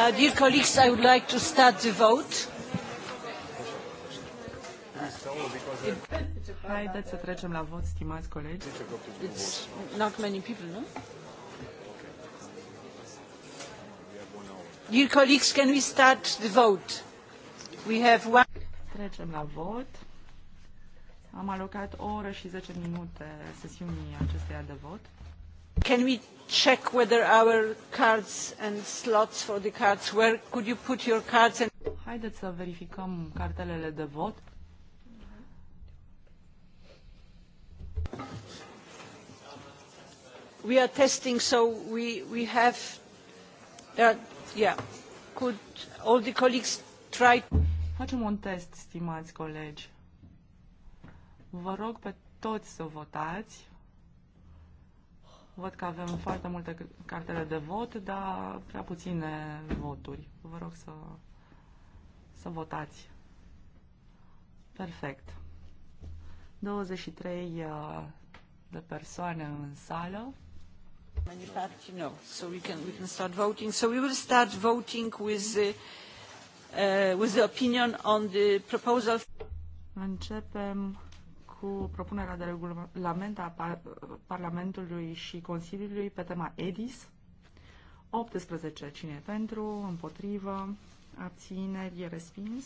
Uh, dear colleagues, I would like to start the vote. Haideți să trecem la vot, stimați colegi. It's not many people, no? Dear colleagues, can we start the vote? We have one... Trecem la vot. Am alocat o oră și 10 minute sesiunii acesteia de vot. Can we check whether our cards and slots for the cards where could you put your cards and Haideți să verificăm cartelele de vot. We are testing so we we have uh, yeah could all the colleagues try Facem un test, stimați colegi. Vă rog pe toți să votați. Văd că avem foarte multe cartele de vot, dar prea puține voturi. Vă rog să, să votați. Perfect. 23 uh, de persoane în sală. No, so we can we can start voting. So we will start voting with the, uh, with the opinion on the proposal. Începem cu propunerea de regulament a par Parlamentului și Consiliului pe tema EDIS. 18. Cine e pentru? Împotrivă? Abțineri? E respins?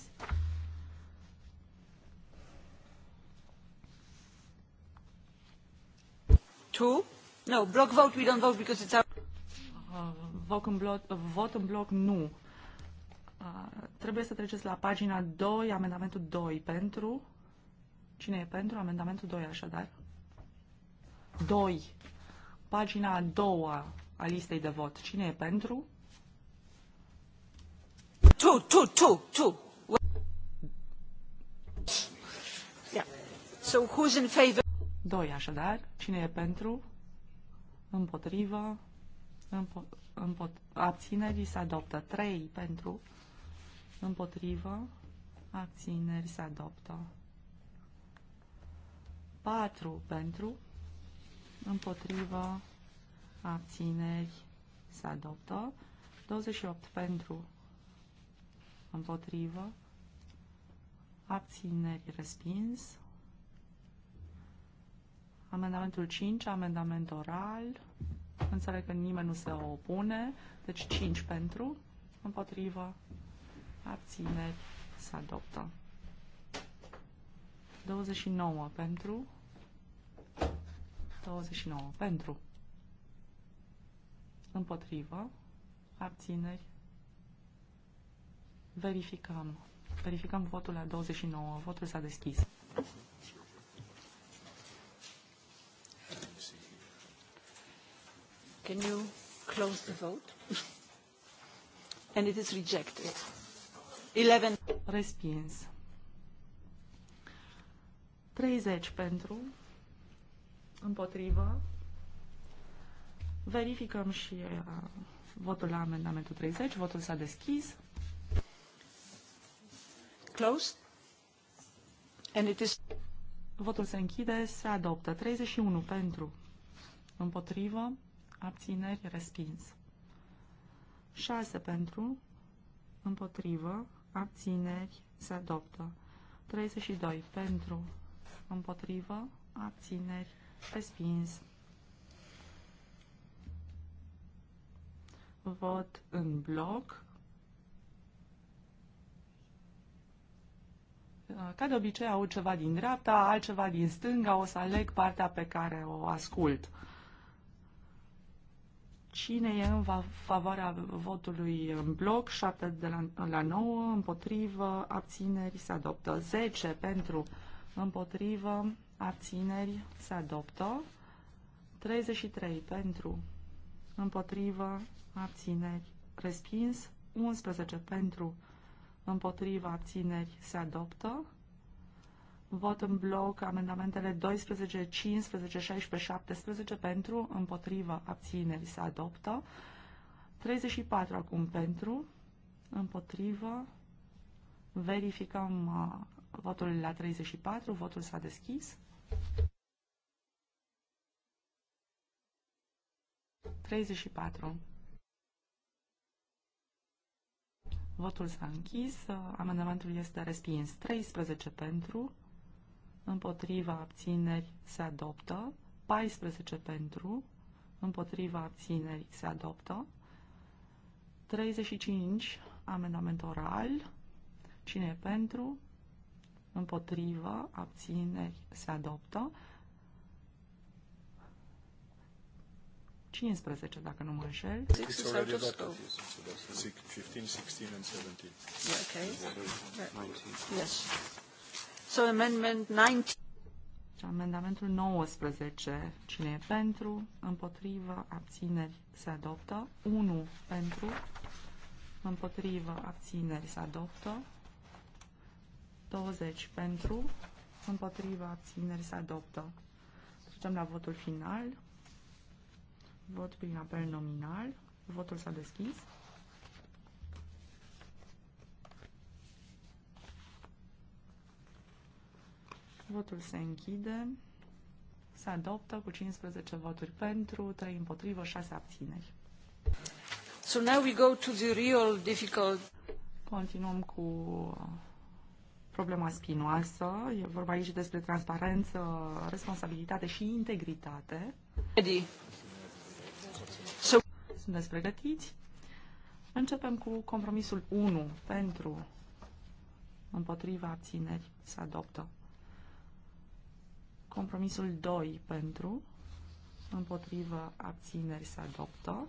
Two? No, block vote, we don't vote because it's our... Uh, vot, în bloc, vot în bloc, nu. Uh, trebuie să treceți la pagina 2, amendamentul 2 pentru Cine e pentru? Amendamentul 2, așadar. 2. Pagina a doua a listei de vot. Cine e pentru? Tu, tu, tu, tu. Yeah. So who's in favor? 2, așadar. Cine e pentru? Împotrivă? Împo împot abținerii se adoptă. 3 pentru? Împotrivă? Abțineri se adoptă. 4 pentru, împotrivă, abțineri, se adoptă. 28 pentru, împotrivă, abțineri, respins. Amendamentul 5, amendament oral. Înțeleg că nimeni nu se opune. Deci 5 pentru, împotrivă, abțineri, se adoptă. 29 pentru, 29. Pentru. Împotrivă. Abțineri. Verificăm. Verificăm votul la 29. Votul s-a deschis. Can you close the vote? And it is rejected. 11. Respins. 30 pentru, Împotrivă. Verificăm și uh, votul la amendamentul 30. Votul s-a deschis. Closed. And it is... Votul se închide, se adoptă. 31 pentru, împotrivă, abțineri, respins. 6 pentru, împotrivă, abțineri, se adoptă. 32 pentru, împotrivă, abțineri, Respins. Vot în bloc. Ca de obicei aud ceva din dreapta, altceva din stânga, o să aleg partea pe care o ascult. Cine e în favoarea votului în bloc? 7 de la, la 9, împotrivă, abțineri, se adoptă 10 pentru, împotrivă, abțineri, se adoptă. 33 pentru, împotrivă, abțineri, respins. 11 pentru, împotrivă, abțineri, se adoptă. Vot în bloc amendamentele 12, 15, 16, 17 pentru, împotrivă, abțineri, se adoptă. 34 acum pentru, împotrivă, verificăm uh, votul la 34, votul s-a deschis. 34. Votul s-a închis. Amendamentul este respins. 13 pentru, împotriva abțineri se adoptă. 14 pentru, împotriva abțineri se adoptă. 35, amendament oral. Cine e pentru? împotrivă, abțineri, se adoptă. 15, dacă nu mă înșel. 15, 16 and 17. 19. Amendamentul 19. Cine e pentru? Împotrivă? Abțineri? Se adoptă. 1 pentru. Împotrivă? Abțineri? Se adoptă. 20 pentru, împotriva abțineri se adoptă. Trecem la votul final. Vot prin apel nominal. Votul s-a deschis. Votul se închide. Se adoptă cu 15 voturi pentru, 3 împotrivă, 6 abțineri. So now we go to the real difficult. Continuăm cu problema spinoasă, e vorba aici despre transparență, responsabilitate și integritate. Sunteți pregătiți? Începem cu compromisul 1 pentru împotriva abțineri să adoptă. Compromisul 2 pentru împotriva abțineri să adoptă.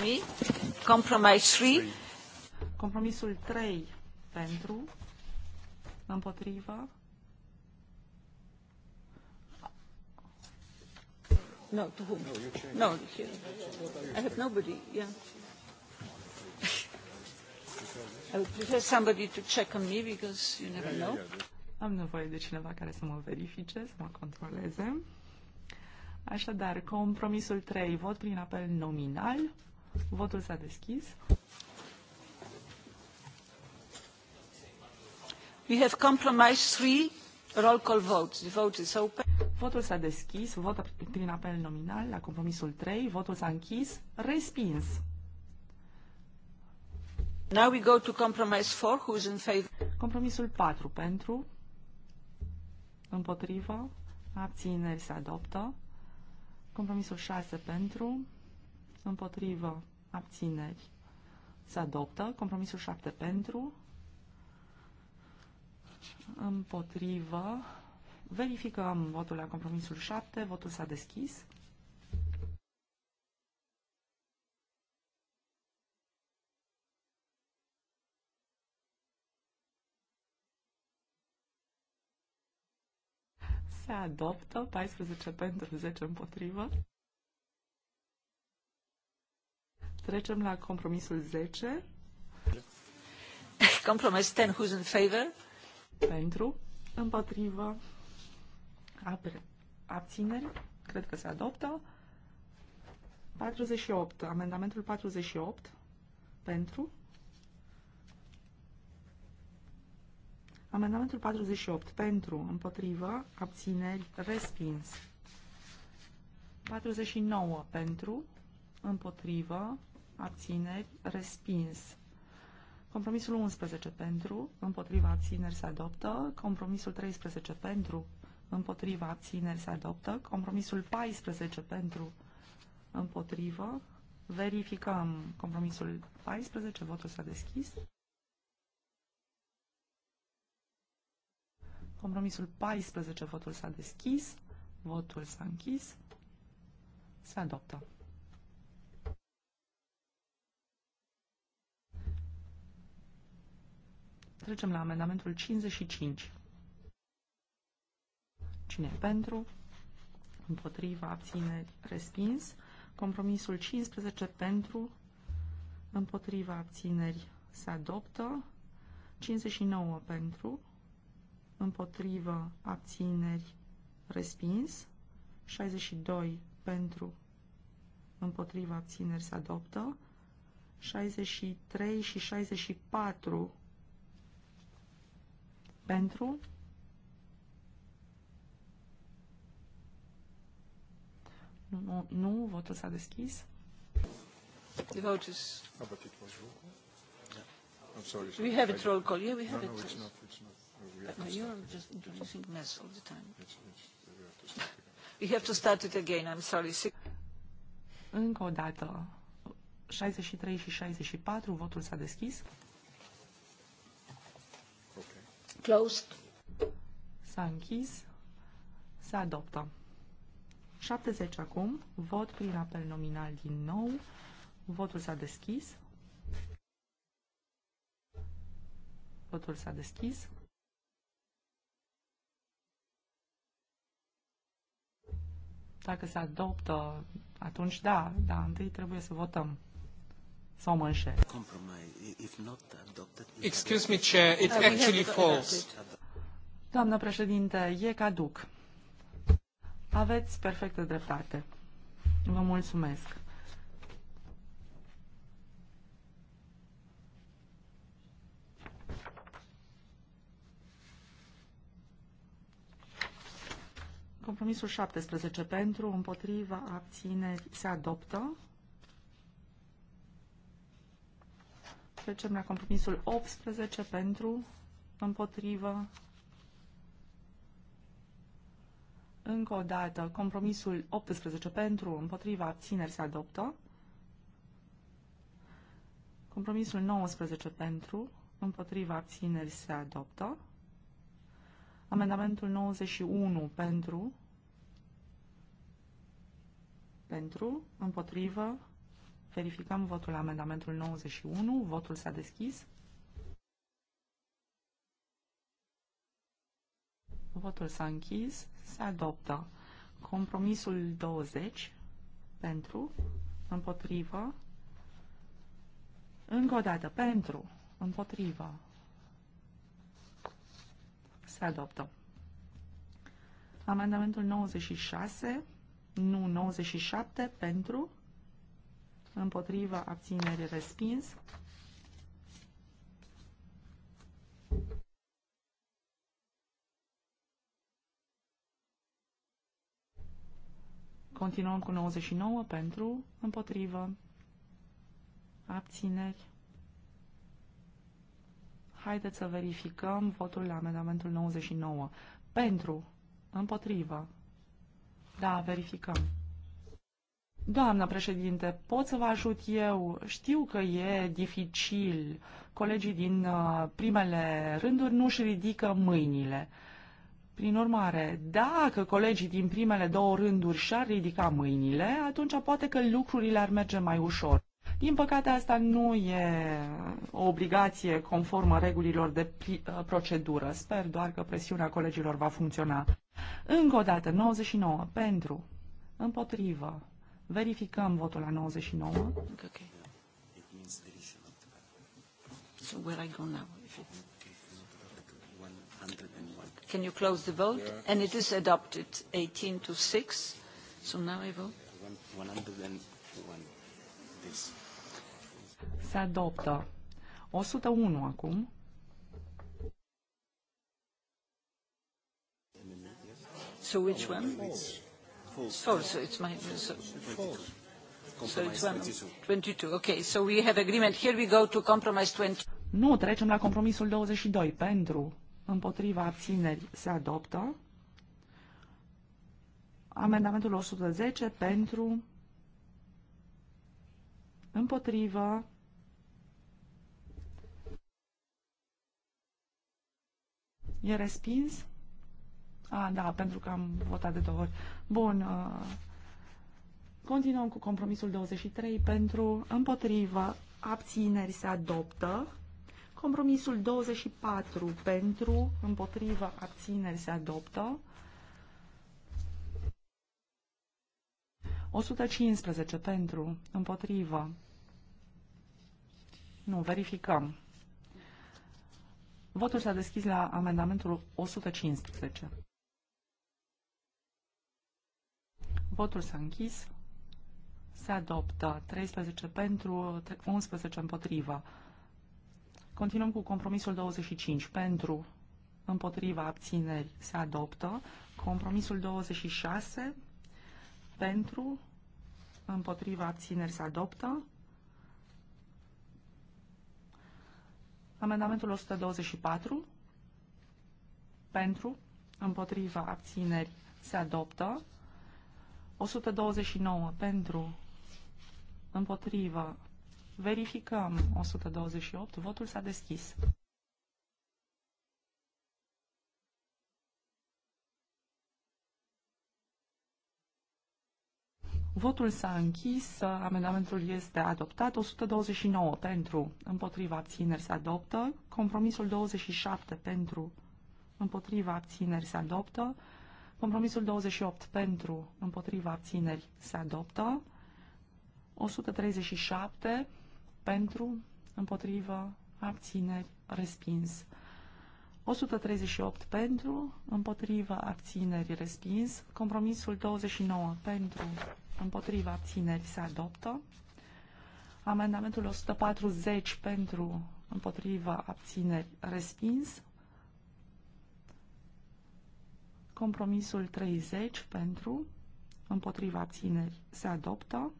Me. Compromise 3. Compromisul 3 pentru, împotrivă. No, to whom? No, you no I have nobody, yeah. I would prefer somebody to check on me because you never know. Am nevoie de cineva care să mă verifice, să mă controleze. Așadar, compromisul 3, vot prin apel nominal. Votul s-a deschis. We have compromised three roll call votes. The vote is open. Votul s-a deschis, vot prin apel nominal la compromisul 3, votul s-a închis, respins. Now we go to compromise 4, who is in favor. Compromisul 4 pentru, împotrivă, abțineri se adoptă. Compromisul 6 pentru, împotrivă, abțineri, se adoptă. Compromisul 7 pentru, împotrivă. Verificăm votul la compromisul 7, votul s-a deschis. se adoptă, 14 pentru 10 împotrivă. Trecem la compromisul 10. Compromis 10, who's in favor? Pentru, împotrivă, apre, abțineri, cred că se adoptă. 48, amendamentul 48, pentru. Amendamentul 48, pentru, împotrivă, abțineri, respins. 49, pentru, împotrivă, abțineri, respins. Compromisul 11 pentru, împotriva abțineri se adoptă. Compromisul 13 pentru, împotriva abțineri se adoptă. Compromisul 14 pentru, împotrivă. Verificăm compromisul 14, votul s-a deschis. Compromisul 14, votul s-a deschis, votul s-a închis, se adoptă. Trecem la amendamentul 55. Cine pentru? Împotriva, abțineri, respins. Compromisul 15 pentru, împotriva, abțineri, se adoptă. 59 pentru, Împotriva abțineri, respins. 62 pentru, împotriva, abțineri, se adoptă. 63 și 64 pentru, nu, nu, nu votul s-a deschis. The vote is... Ah, I'm sorry. Sir. We have a troll call. Yeah, we have no, it. No, it's not. It's not. We have but you're just introducing mess all the time. It's, it's, we have to start We have to start it again. I'm sorry. Încă o dată. 63 și 64, votul s-a deschis. Closed. S-a închis. Se adoptă. 70 acum. Vot prin apel nominal din nou. Votul s-a deschis. Votul s-a deschis. Dacă se adoptă, atunci da, da, întâi trebuie să votăm. Sau mă înșel? Excuse me, Chair, It actually false. Doamnă președinte, e caduc. Aveți perfectă dreptate. Vă mulțumesc. Compromisul 17 pentru, împotriva, abțineri, se adoptă. Trecem la compromisul 18 pentru, împotrivă. Încă o dată, compromisul 18 pentru, împotriva, abțineri se adoptă. Compromisul 19 pentru, împotriva, abțineri se adoptă. Amendamentul 91 pentru, pentru, împotrivă, Verificăm votul amendamentul 91. Votul s-a deschis. Votul s-a închis. Se adoptă. Compromisul 20 pentru, împotrivă, încă o dată, pentru, împotrivă, se adoptă. Amendamentul 96, nu 97, pentru, împotriva abțineri respins. Continuăm cu 99 pentru, împotrivă, abțineri. Haideți să verificăm votul la amendamentul 99. Pentru, împotrivă. Da, verificăm. Doamna președinte, pot să vă ajut eu? Știu că e dificil. Colegii din uh, primele rânduri nu își ridică mâinile. Prin urmare, dacă colegii din primele două rânduri și-ar ridica mâinile, atunci poate că lucrurile ar merge mai ușor. Din păcate, asta nu e o obligație conformă regulilor de uh, procedură. Sper doar că presiunea colegilor va funcționa. Încă o dată, 99 pentru, împotrivă, Verificăm votul la 99. Okay. So where I go now? Can you close the vote? And it is adopted 18 to 6. So now I vote. 101. Se adoptă. 101 acum. So which one? Which? Oh, so it's my... So, So it's one, 22. so we have agreement. Here we go to compromise 20. Nu, trecem la compromisul 22. Pentru, împotriva, abțineri, se adoptă. Amendamentul 110 pentru, împotriva, e respins. Ah, da, pentru că am votat de două ori. Bun. Uh, continuăm cu compromisul 23 pentru împotrivă abțineri se adoptă. Compromisul 24 pentru împotrivă abțineri se adoptă. 115 pentru împotrivă. Nu, verificăm. Votul s-a deschis la amendamentul 115. Votul s-a închis. Se adoptă 13 pentru, 11 împotriva. Continuăm cu compromisul 25. Pentru, împotriva, abțineri, se adoptă. Compromisul 26, pentru, împotriva, abțineri, se adoptă. Amendamentul 124, pentru, împotriva, abțineri, se adoptă. 129 pentru, împotrivă, verificăm 128, votul s-a deschis. Votul s-a închis, amendamentul este adoptat, 129 pentru, împotriva abțineri se adoptă, compromisul 27 pentru, împotriva abțineri se adoptă, Compromisul 28 pentru, împotriva abțineri se adoptă. 137 pentru, împotriva abțineri respins. 138 pentru, împotriva abțineri respins. Compromisul 29 pentru, împotriva abțineri se adoptă. Amendamentul 140 pentru, împotriva abțineri respins. Compromisul 30 pentru, împotriva țineri, se adoptă.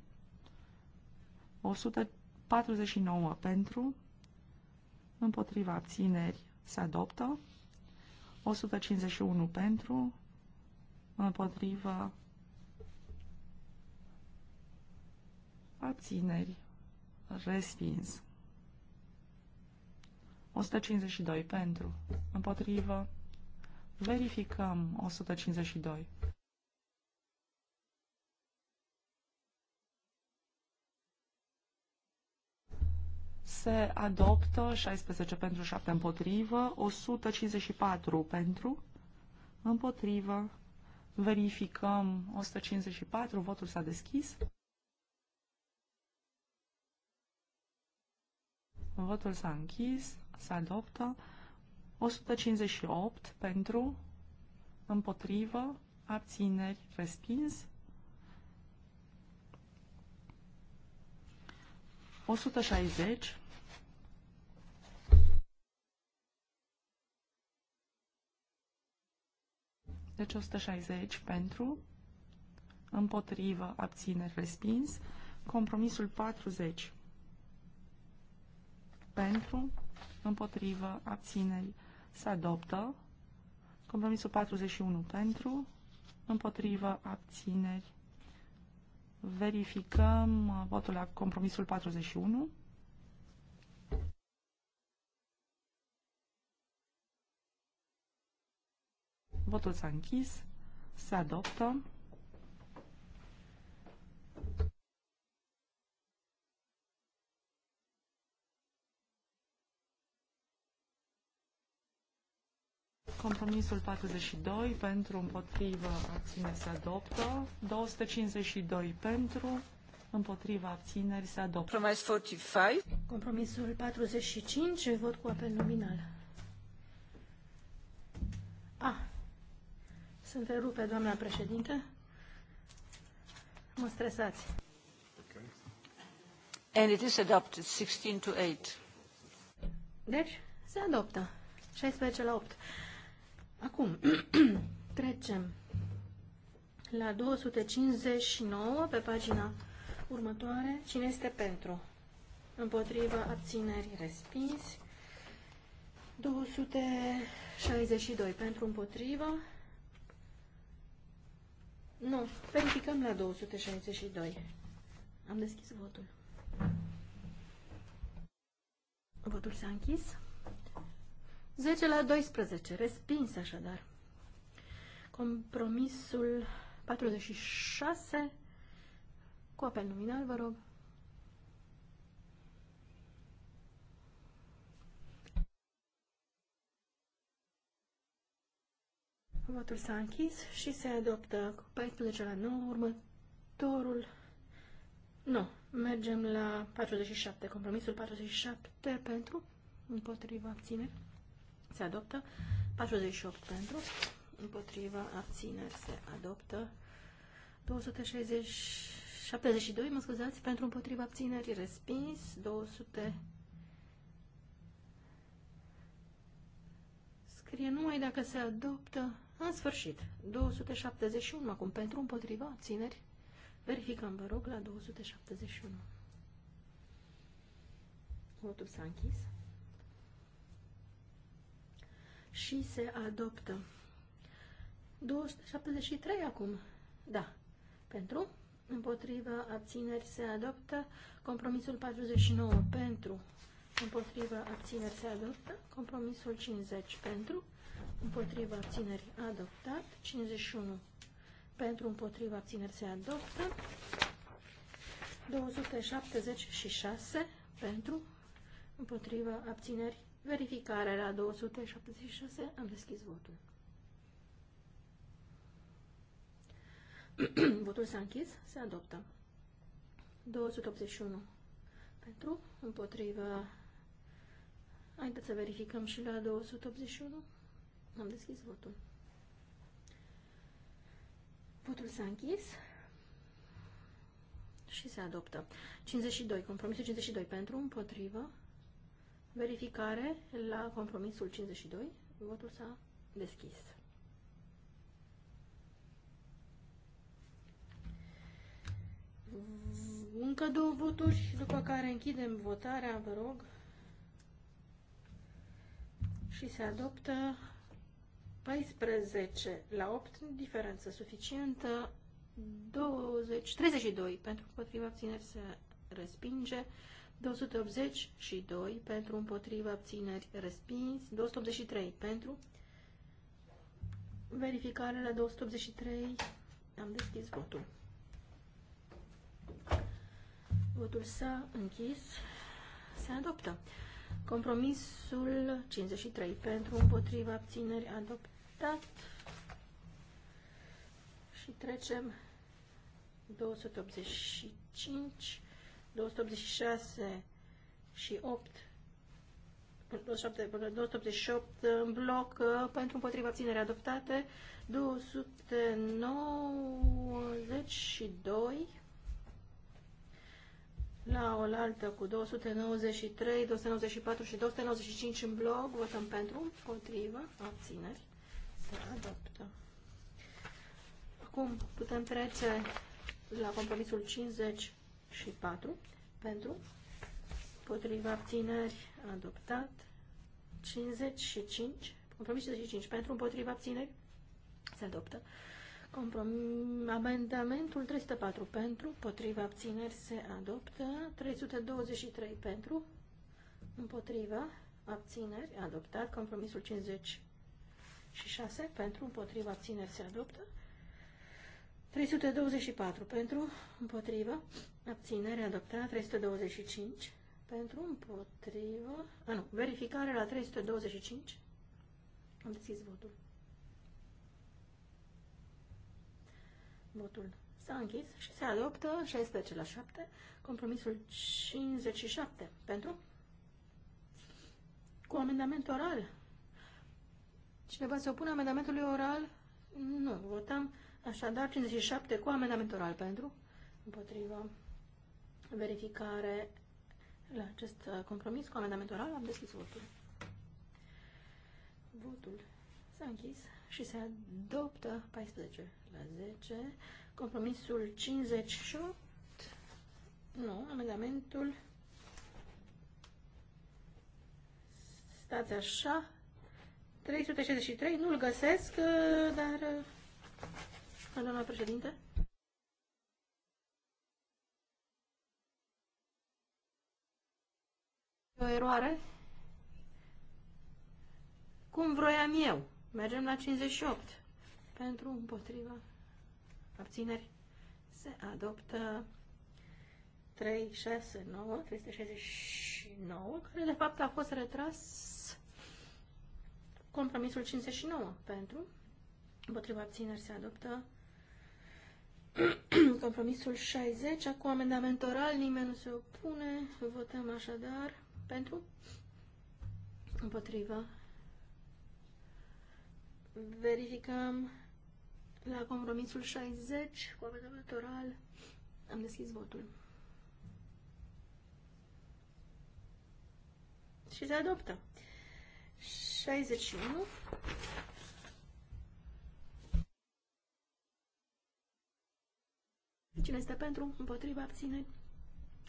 149 pentru, împotriva țineri, se adoptă. 151 pentru, împotriva abțineri respins. 152 pentru, împotriva... Verificăm 152. Se adoptă 16 pentru 7 împotrivă, 154 pentru împotrivă. Verificăm 154, votul s-a deschis. Votul s-a închis, se adoptă 158 pentru, împotrivă, abțineri, respins. 160 Deci 160 pentru, împotrivă, abțineri, respins. Compromisul 40 pentru, împotrivă, abțineri, respins se adoptă. Compromisul 41 pentru, împotrivă, abțineri. Verificăm votul la compromisul 41. Votul s-a închis, se adoptă. Compromisul 42 pentru împotrivă abțineri se adoptă. 252 pentru împotriva abțineri se adoptă. Compromis 45. Compromisul 45, vot cu apel nominal. A. Se întrerupe, doamna președinte. Mă stresați. Okay. And it is adopted 16 to 8. Deci, se adoptă. 16 la 8. Acum, trecem la 259 pe pagina următoare. Cine este pentru? Împotriva abțineri respins. 262 pentru împotriva. Nu, verificăm la 262. Am deschis votul. Votul s-a închis. 10 la 12, respins așadar. Compromisul 46 cu apel nominal, vă rog. Votul s-a închis și se adoptă cu 14 la 9 următorul. Nu, mergem la 47, compromisul 47 pentru împotriva abținerii se adoptă. 48 pentru, împotriva, abțineri, se adoptă. 272, mă scuzați, pentru împotriva abținerii, respins. 200 scrie numai dacă se adoptă în sfârșit. 271 acum pentru împotriva abțineri. Verificăm, vă rog, la 271. Votul s-a închis și se adoptă. 273 acum. Da. Pentru. Împotriva abțineri se adoptă. Compromisul 49 pentru. Împotriva abțineri se adoptă. Compromisul 50 pentru. Împotriva abțineri adoptat. 51 pentru. Împotriva abțineri se adoptă. 276 pentru. Împotriva abțineri Verificare la 276. Am deschis votul. votul s-a închis. Se adoptă. 281 pentru, împotrivă. Haideți să verificăm și la 281. Am deschis votul. Votul s-a închis și se adoptă. 52, compromisul 52 pentru, împotrivă, Verificare la compromisul 52. Votul s-a deschis. Încă două voturi, după care închidem votarea, vă rog. Și se adoptă 14 la 8, diferență suficientă, 20, 32 pentru potriva abțineri se respinge. 282 pentru împotriva abțineri respins, 283 pentru verificare la 283 am deschis votul. Votul s-a închis, se adoptă. Compromisul 53 pentru împotriva abțineri adoptat și trecem 285 286 și 8 288 în bloc uh, pentru împotriva ținere adoptate 292 la oaltă cu 293, 294 și 295 în bloc votăm pentru împotriva abțineri se adoptă acum putem trece la compromisul 50 și 4 pentru, potriva abțineri adoptat, 55, compromis 55 pentru, împotriva abțineri se adoptă. Comprom- amendamentul 304 pentru, potriva abțineri se adoptă, 323 pentru, împotriva abțineri adoptat, compromisul 56 pentru, împotriva abțineri se adoptă, 324 pentru, împotriva Abținere adoptat 325 pentru împotrivă. A, nu. Verificare la 325. Am deschis votul. Votul s-a închis și se adoptă 16 la 7. Compromisul 57 pentru cu amendament oral. Cineva se opune amendamentului oral? Nu. votam așadar 57 cu amendament oral pentru împotriva verificare la acest uh, compromis cu amendamentul oral. Am deschis votul. Votul s-a închis și se adoptă 14 la 10. Compromisul 58. Nu, amendamentul stați așa 363, nu-l găsesc, uh, dar uh, doamna președinte o eroare? Cum vroiam eu? Mergem la 58. Pentru, împotriva, abțineri, se adoptă 3, 6, 9, 369, care de fapt a fost retras compromisul 59 pentru, împotriva abțineri se adoptă compromisul 60, acum amendament oral, nimeni nu se opune, votăm așadar pentru? Împotrivă. Verificăm la compromisul 60 cu amendament oral. Am deschis votul. Și se adoptă. 61. Cine este pentru? Împotriva abține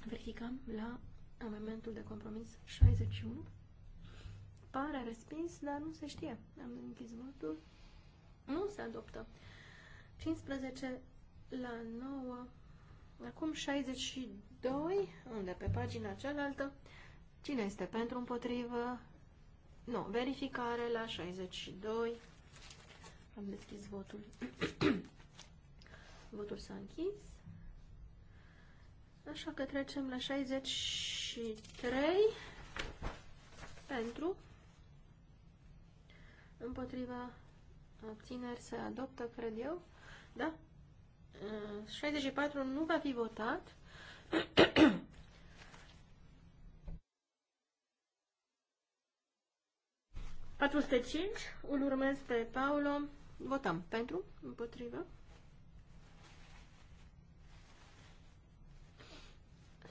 Verificăm la amendamentul de compromis 61. Pare respins, dar nu se știe. Am închis votul. Nu se adoptă. 15 la 9. Acum 62. Unde? Pe pagina cealaltă. Cine este pentru împotrivă? Nu. Verificare la 62. Am deschis votul. votul s-a închis Așa că trecem la 63 pentru împotriva abțineri se adoptă, cred eu. Da? 64 uh, nu va fi votat. patruste cinci, îl urmez pe Paolo. Votăm pentru, împotrivă.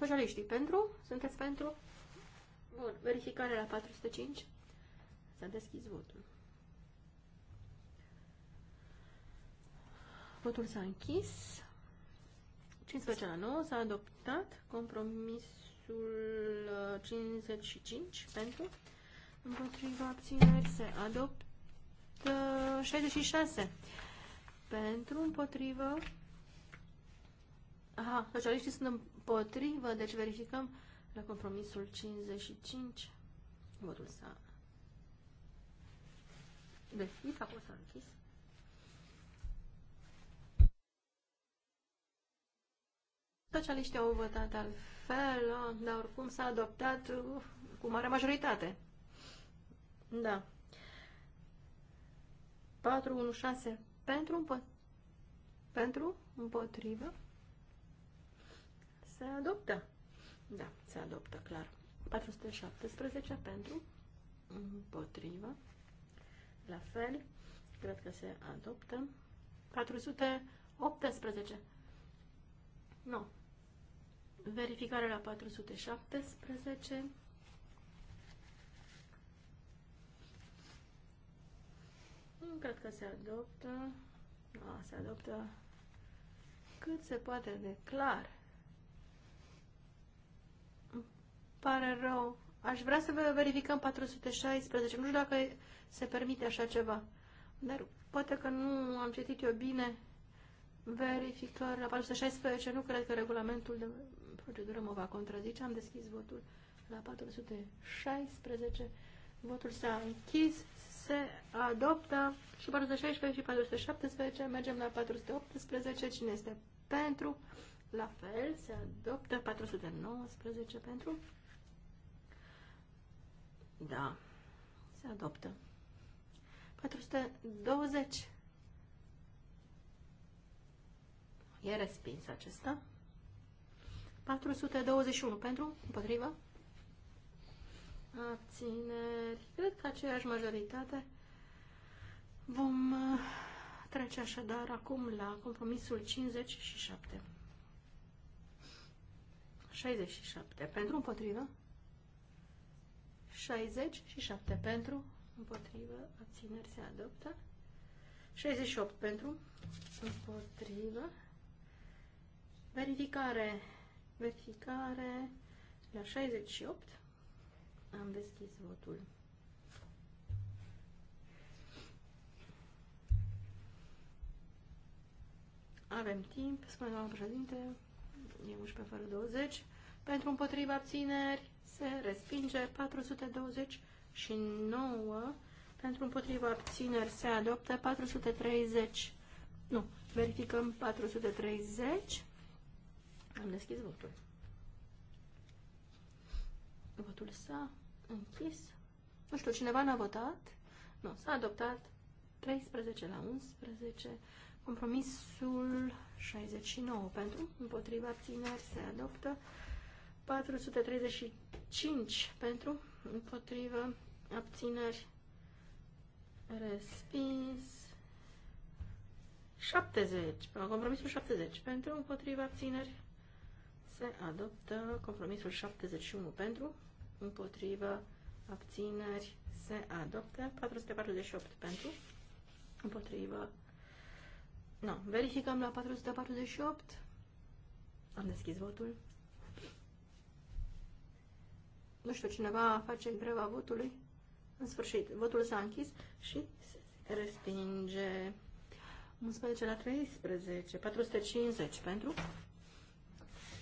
Socialiștii pentru? Sunteți pentru? Bun. Verificare la 405. S-a deschis votul. Votul s-a închis. 15 la 9 s-a adoptat compromisul 55 uh, pentru împotriva abțineri se adoptă 66 pentru împotriva Aha, socialiștii sunt împotrivă, deci verificăm la compromisul 55. Votul s-a deschis, acum s-a închis. Socialiștii au votat altfel, dar oricum s-a adoptat uh, cu mare majoritate. Da. 416 pentru, împo pentru, împotrivă. Se adoptă. Da, se adoptă, clar. 417 pentru, împotrivă, la fel, cred că se adoptă. 418, nu, verificare la 417, cred că se adoptă, da, se adoptă cât se poate de clar. Pare rău. Aș vrea să verificăm 416. Nu știu dacă se permite așa ceva. Dar poate că nu am citit eu bine. Verificări la 416. Nu cred că regulamentul de procedură mă va contrazice. Am deschis votul la 416. Votul s-a închis. Se adoptă și 416 și 417. Mergem la 418. Cine este pentru? La fel, se adoptă 419 pentru da. Se adoptă. 420. E respins acesta. 421 pentru, împotrivă. Abțineri. Cred că aceeași majoritate. Vom uh, trece așadar acum la compromisul 57. 67. Pentru împotrivă. 67 pentru, împotrivă, abțineri se adoptă. 68 pentru, împotrivă. Verificare, verificare la 68. Am deschis votul. Avem timp, spune doamna președinte, e 11 fără 20. Pentru împotriva abțineri, se respinge 429 pentru împotriva abțineri se adoptă 430 nu, verificăm 430 am deschis votul votul s-a închis nu știu, cineva n-a votat nu, s-a adoptat 13 la 11 compromisul 69 pentru împotriva abțineri se adoptă 435 pentru, împotrivă, abțineri, respins. 70, compromisul 70 pentru, împotrivă, abțineri, se adoptă. Compromisul 71 pentru, împotrivă, abțineri, se adoptă. 448 pentru, împotrivă, nu, verificăm la 448. Am deschis votul. Nu știu, cineva face greva votului? În sfârșit, votul s-a închis și se respinge. 11 la 13, 450 pentru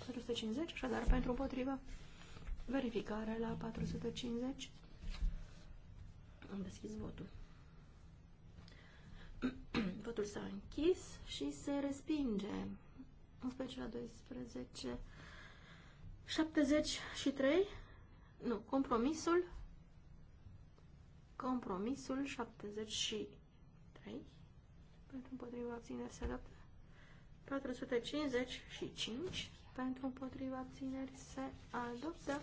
450, așadar pentru împotriva. Verificare la 450. Am deschis votul. votul s-a închis și se respinge. 11 la 12, 73 nu, compromisul. Compromisul 73. Pentru împotriva abțineri se adoptă. 455 pentru împotriva abțineri se adoptă.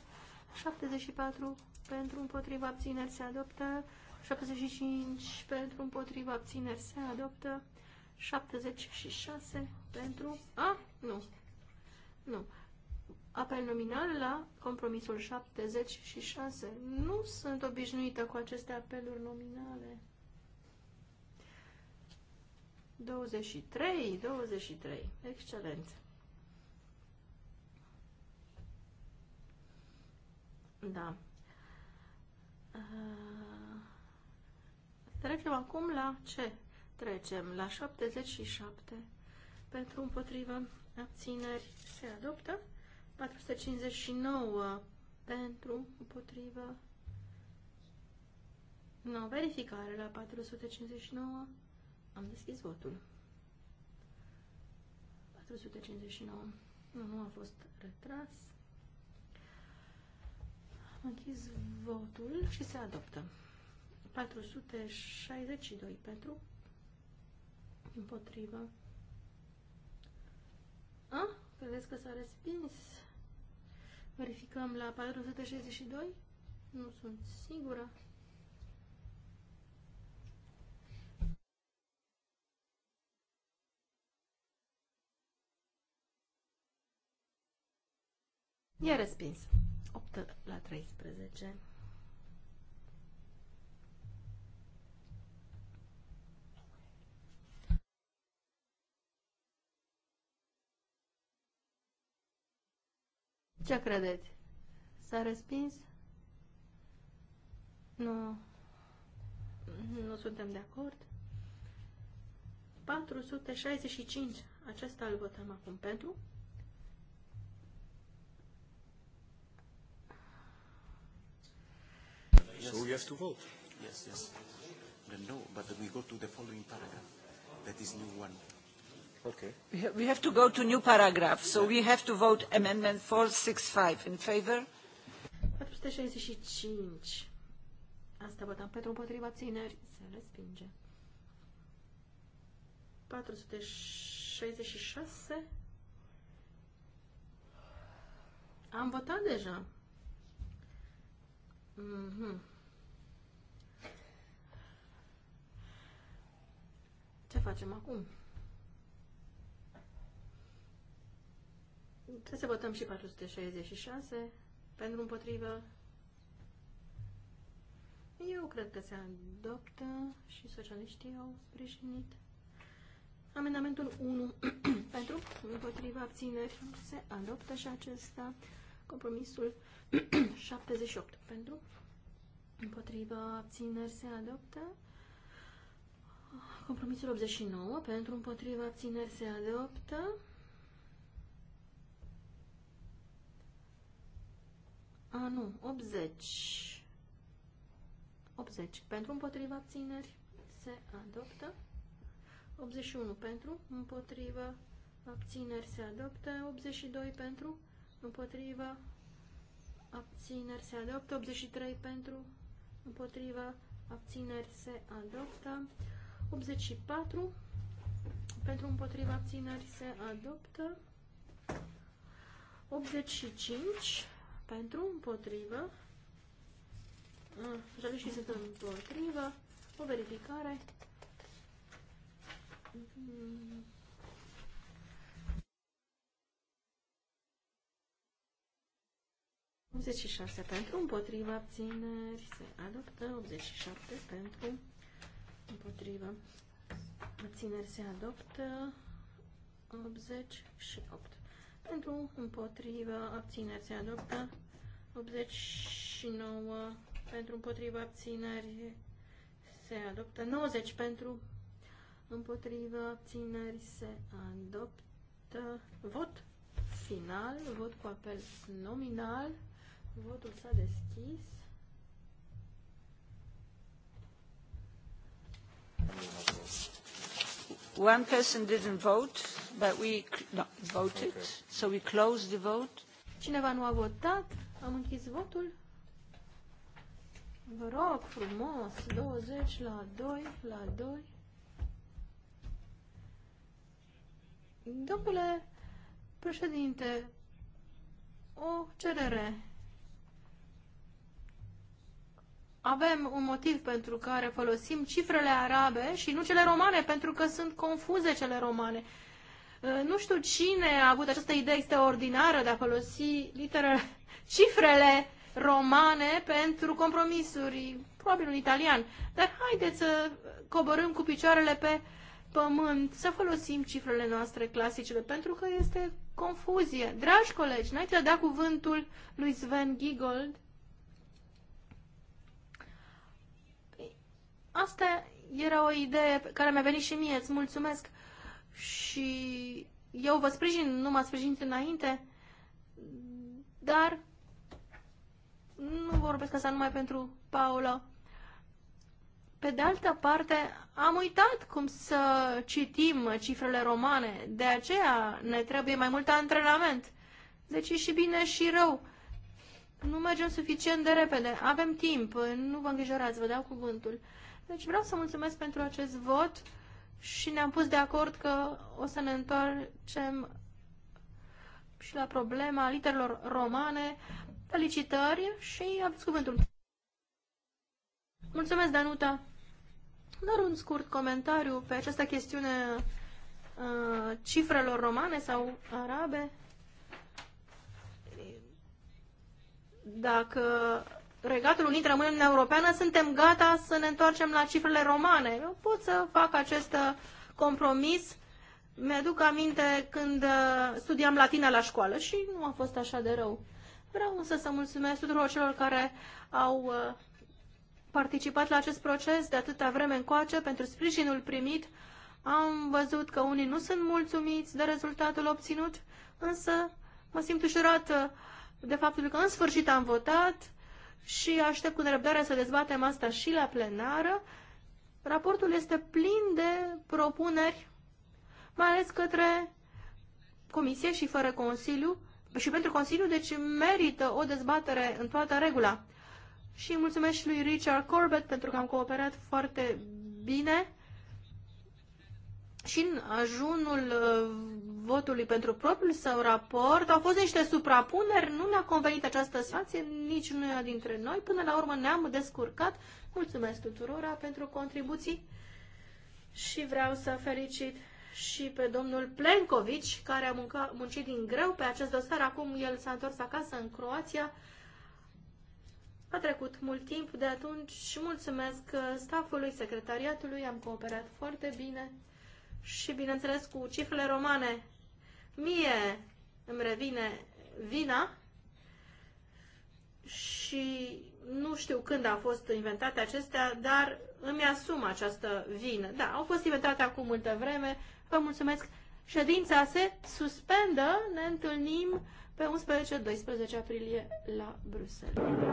74 pentru împotriva abțineri se adoptă. 75 pentru împotriva abțineri se adoptă. 76 pentru... A, nu. Nu apel nominal la compromisul 76. Nu sunt obișnuită cu aceste apeluri nominale. 23, 23. Excelent. Da. Uh, trecem acum la ce? Trecem la 77 pentru împotrivă abțineri se adoptă. 459 pentru, împotrivă. Nu, verificare la 459. Am deschis votul. 459. Nu, nu a fost retras. Am închis votul și se adoptă. 462 pentru, împotrivă. A? Credeți că s-a respins? Verificăm la 462? Nu sunt sigură. E respins. 8 la 13. Ce credeți? S-a respins? Nu. Nu suntem de acord. 465. Acesta îl votăm acum pentru. So we have to vote. Yes, yes. Then no, but then we go to the following paragraph. That is new one. Okay. We, ha we have to go to new paragraph, so we have to vote amendment 465 in favor. 465. Asta votam pentru împotriva țineri. Se respinge. 466. Am votat deja. Mm -hmm. Ce facem acum? Trebuie să votăm și 466 pentru împotrivă. Eu cred că se adoptă și socialiștii au sprijinit. Amendamentul 1 pentru împotriva abțineri se adoptă și acesta. Compromisul 78 pentru împotriva abțineri se adoptă. Compromisul 89 pentru împotriva abțineri se adoptă. A, nu, 80. 80. Pentru împotriva abțineri se adoptă. 81 pentru împotriva abțineri se adoptă. 82 pentru împotriva abțineri se adoptă. 83 pentru împotriva abțineri se adoptă. 84 pentru împotriva abțineri se adoptă. 85 pentru, împotrivă, socialiștii sunt împotrivă, o verificare. 86 pentru, împotrivă, abțineri, se adoptă, 87 pentru, împotrivă, abțineri, se adoptă, 88 pentru, împotriva, abțineri se adoptă, 89 pentru, împotriva, abțineri se adoptă, 90 pentru, împotriva, abțineri se adoptă, vot final, vot cu apel nominal, votul s-a deschis. One person didn't vote. Cineva nu a votat, am închis votul. Vă rog frumos, 20 la 2 la 2. Domnule președinte, o cerere. Avem un motiv pentru care folosim cifrele arabe și nu cele romane, pentru că sunt confuze cele romane. Uh, nu știu cine a avut această idee extraordinară de a folosi literă, cifrele romane pentru compromisuri, probabil un italian. Dar haideți să coborâm cu picioarele pe pământ, să folosim cifrele noastre clasice pentru că este confuzie. Dragi colegi, înainte de a da cuvântul lui Sven Giegold, asta era o idee care mi-a venit și mie, îți mulțumesc și eu vă sprijin, nu m-ați sprijinit înainte, dar nu vorbesc asta numai pentru Paula. Pe de altă parte, am uitat cum să citim cifrele romane, de aceea ne trebuie mai mult antrenament. Deci e și bine și rău. Nu mergem suficient de repede, avem timp, nu vă îngrijorați, vă dau cuvântul. Deci vreau să mulțumesc pentru acest vot și ne-am pus de acord că o să ne întoarcem și la problema literelor romane. Felicitări și aveți cuvântul. Mulțumesc, Danuta. Doar un scurt comentariu pe această chestiune uh, cifrelor romane sau arabe. Dacă Regatul Unit rămâne în Europeană, suntem gata să ne întoarcem la cifrele romane. Eu pot să fac acest uh, compromis. Mi-aduc aminte când uh, studiam latină la școală și nu a fost așa de rău. Vreau însă să mulțumesc tuturor celor care au uh, participat la acest proces de atâta vreme încoace pentru sprijinul primit. Am văzut că unii nu sunt mulțumiți de rezultatul obținut, însă mă simt ușurată de faptul că în sfârșit am votat și aștept cu nerăbdare să dezbatem asta și la plenară. Raportul este plin de propuneri, mai ales către Comisie și fără Consiliu, și pentru Consiliu, deci merită o dezbatere în toată regula. Și mulțumesc și lui Richard Corbett pentru că am cooperat foarte bine și în ajunul uh, votului pentru propriul său raport au fost niște suprapuneri, nu ne-a convenit această situație nici unuia dintre noi. Până la urmă ne-am descurcat. Mulțumesc tuturora pentru contribuții și vreau să felicit și pe domnul Plenković, care a munca, muncit din greu pe acest dosar. Acum el s-a întors acasă în Croația. A trecut mult timp de atunci și mulțumesc uh, stafului, secretariatului, am cooperat foarte bine și, bineînțeles, cu cifrele romane. Mie îmi revine vina și nu știu când au fost inventate acestea, dar îmi asum această vină. Da, au fost inventate acum multă vreme. Vă mulțumesc. Ședința se suspendă. Ne întâlnim pe 11-12 aprilie la Bruxelles.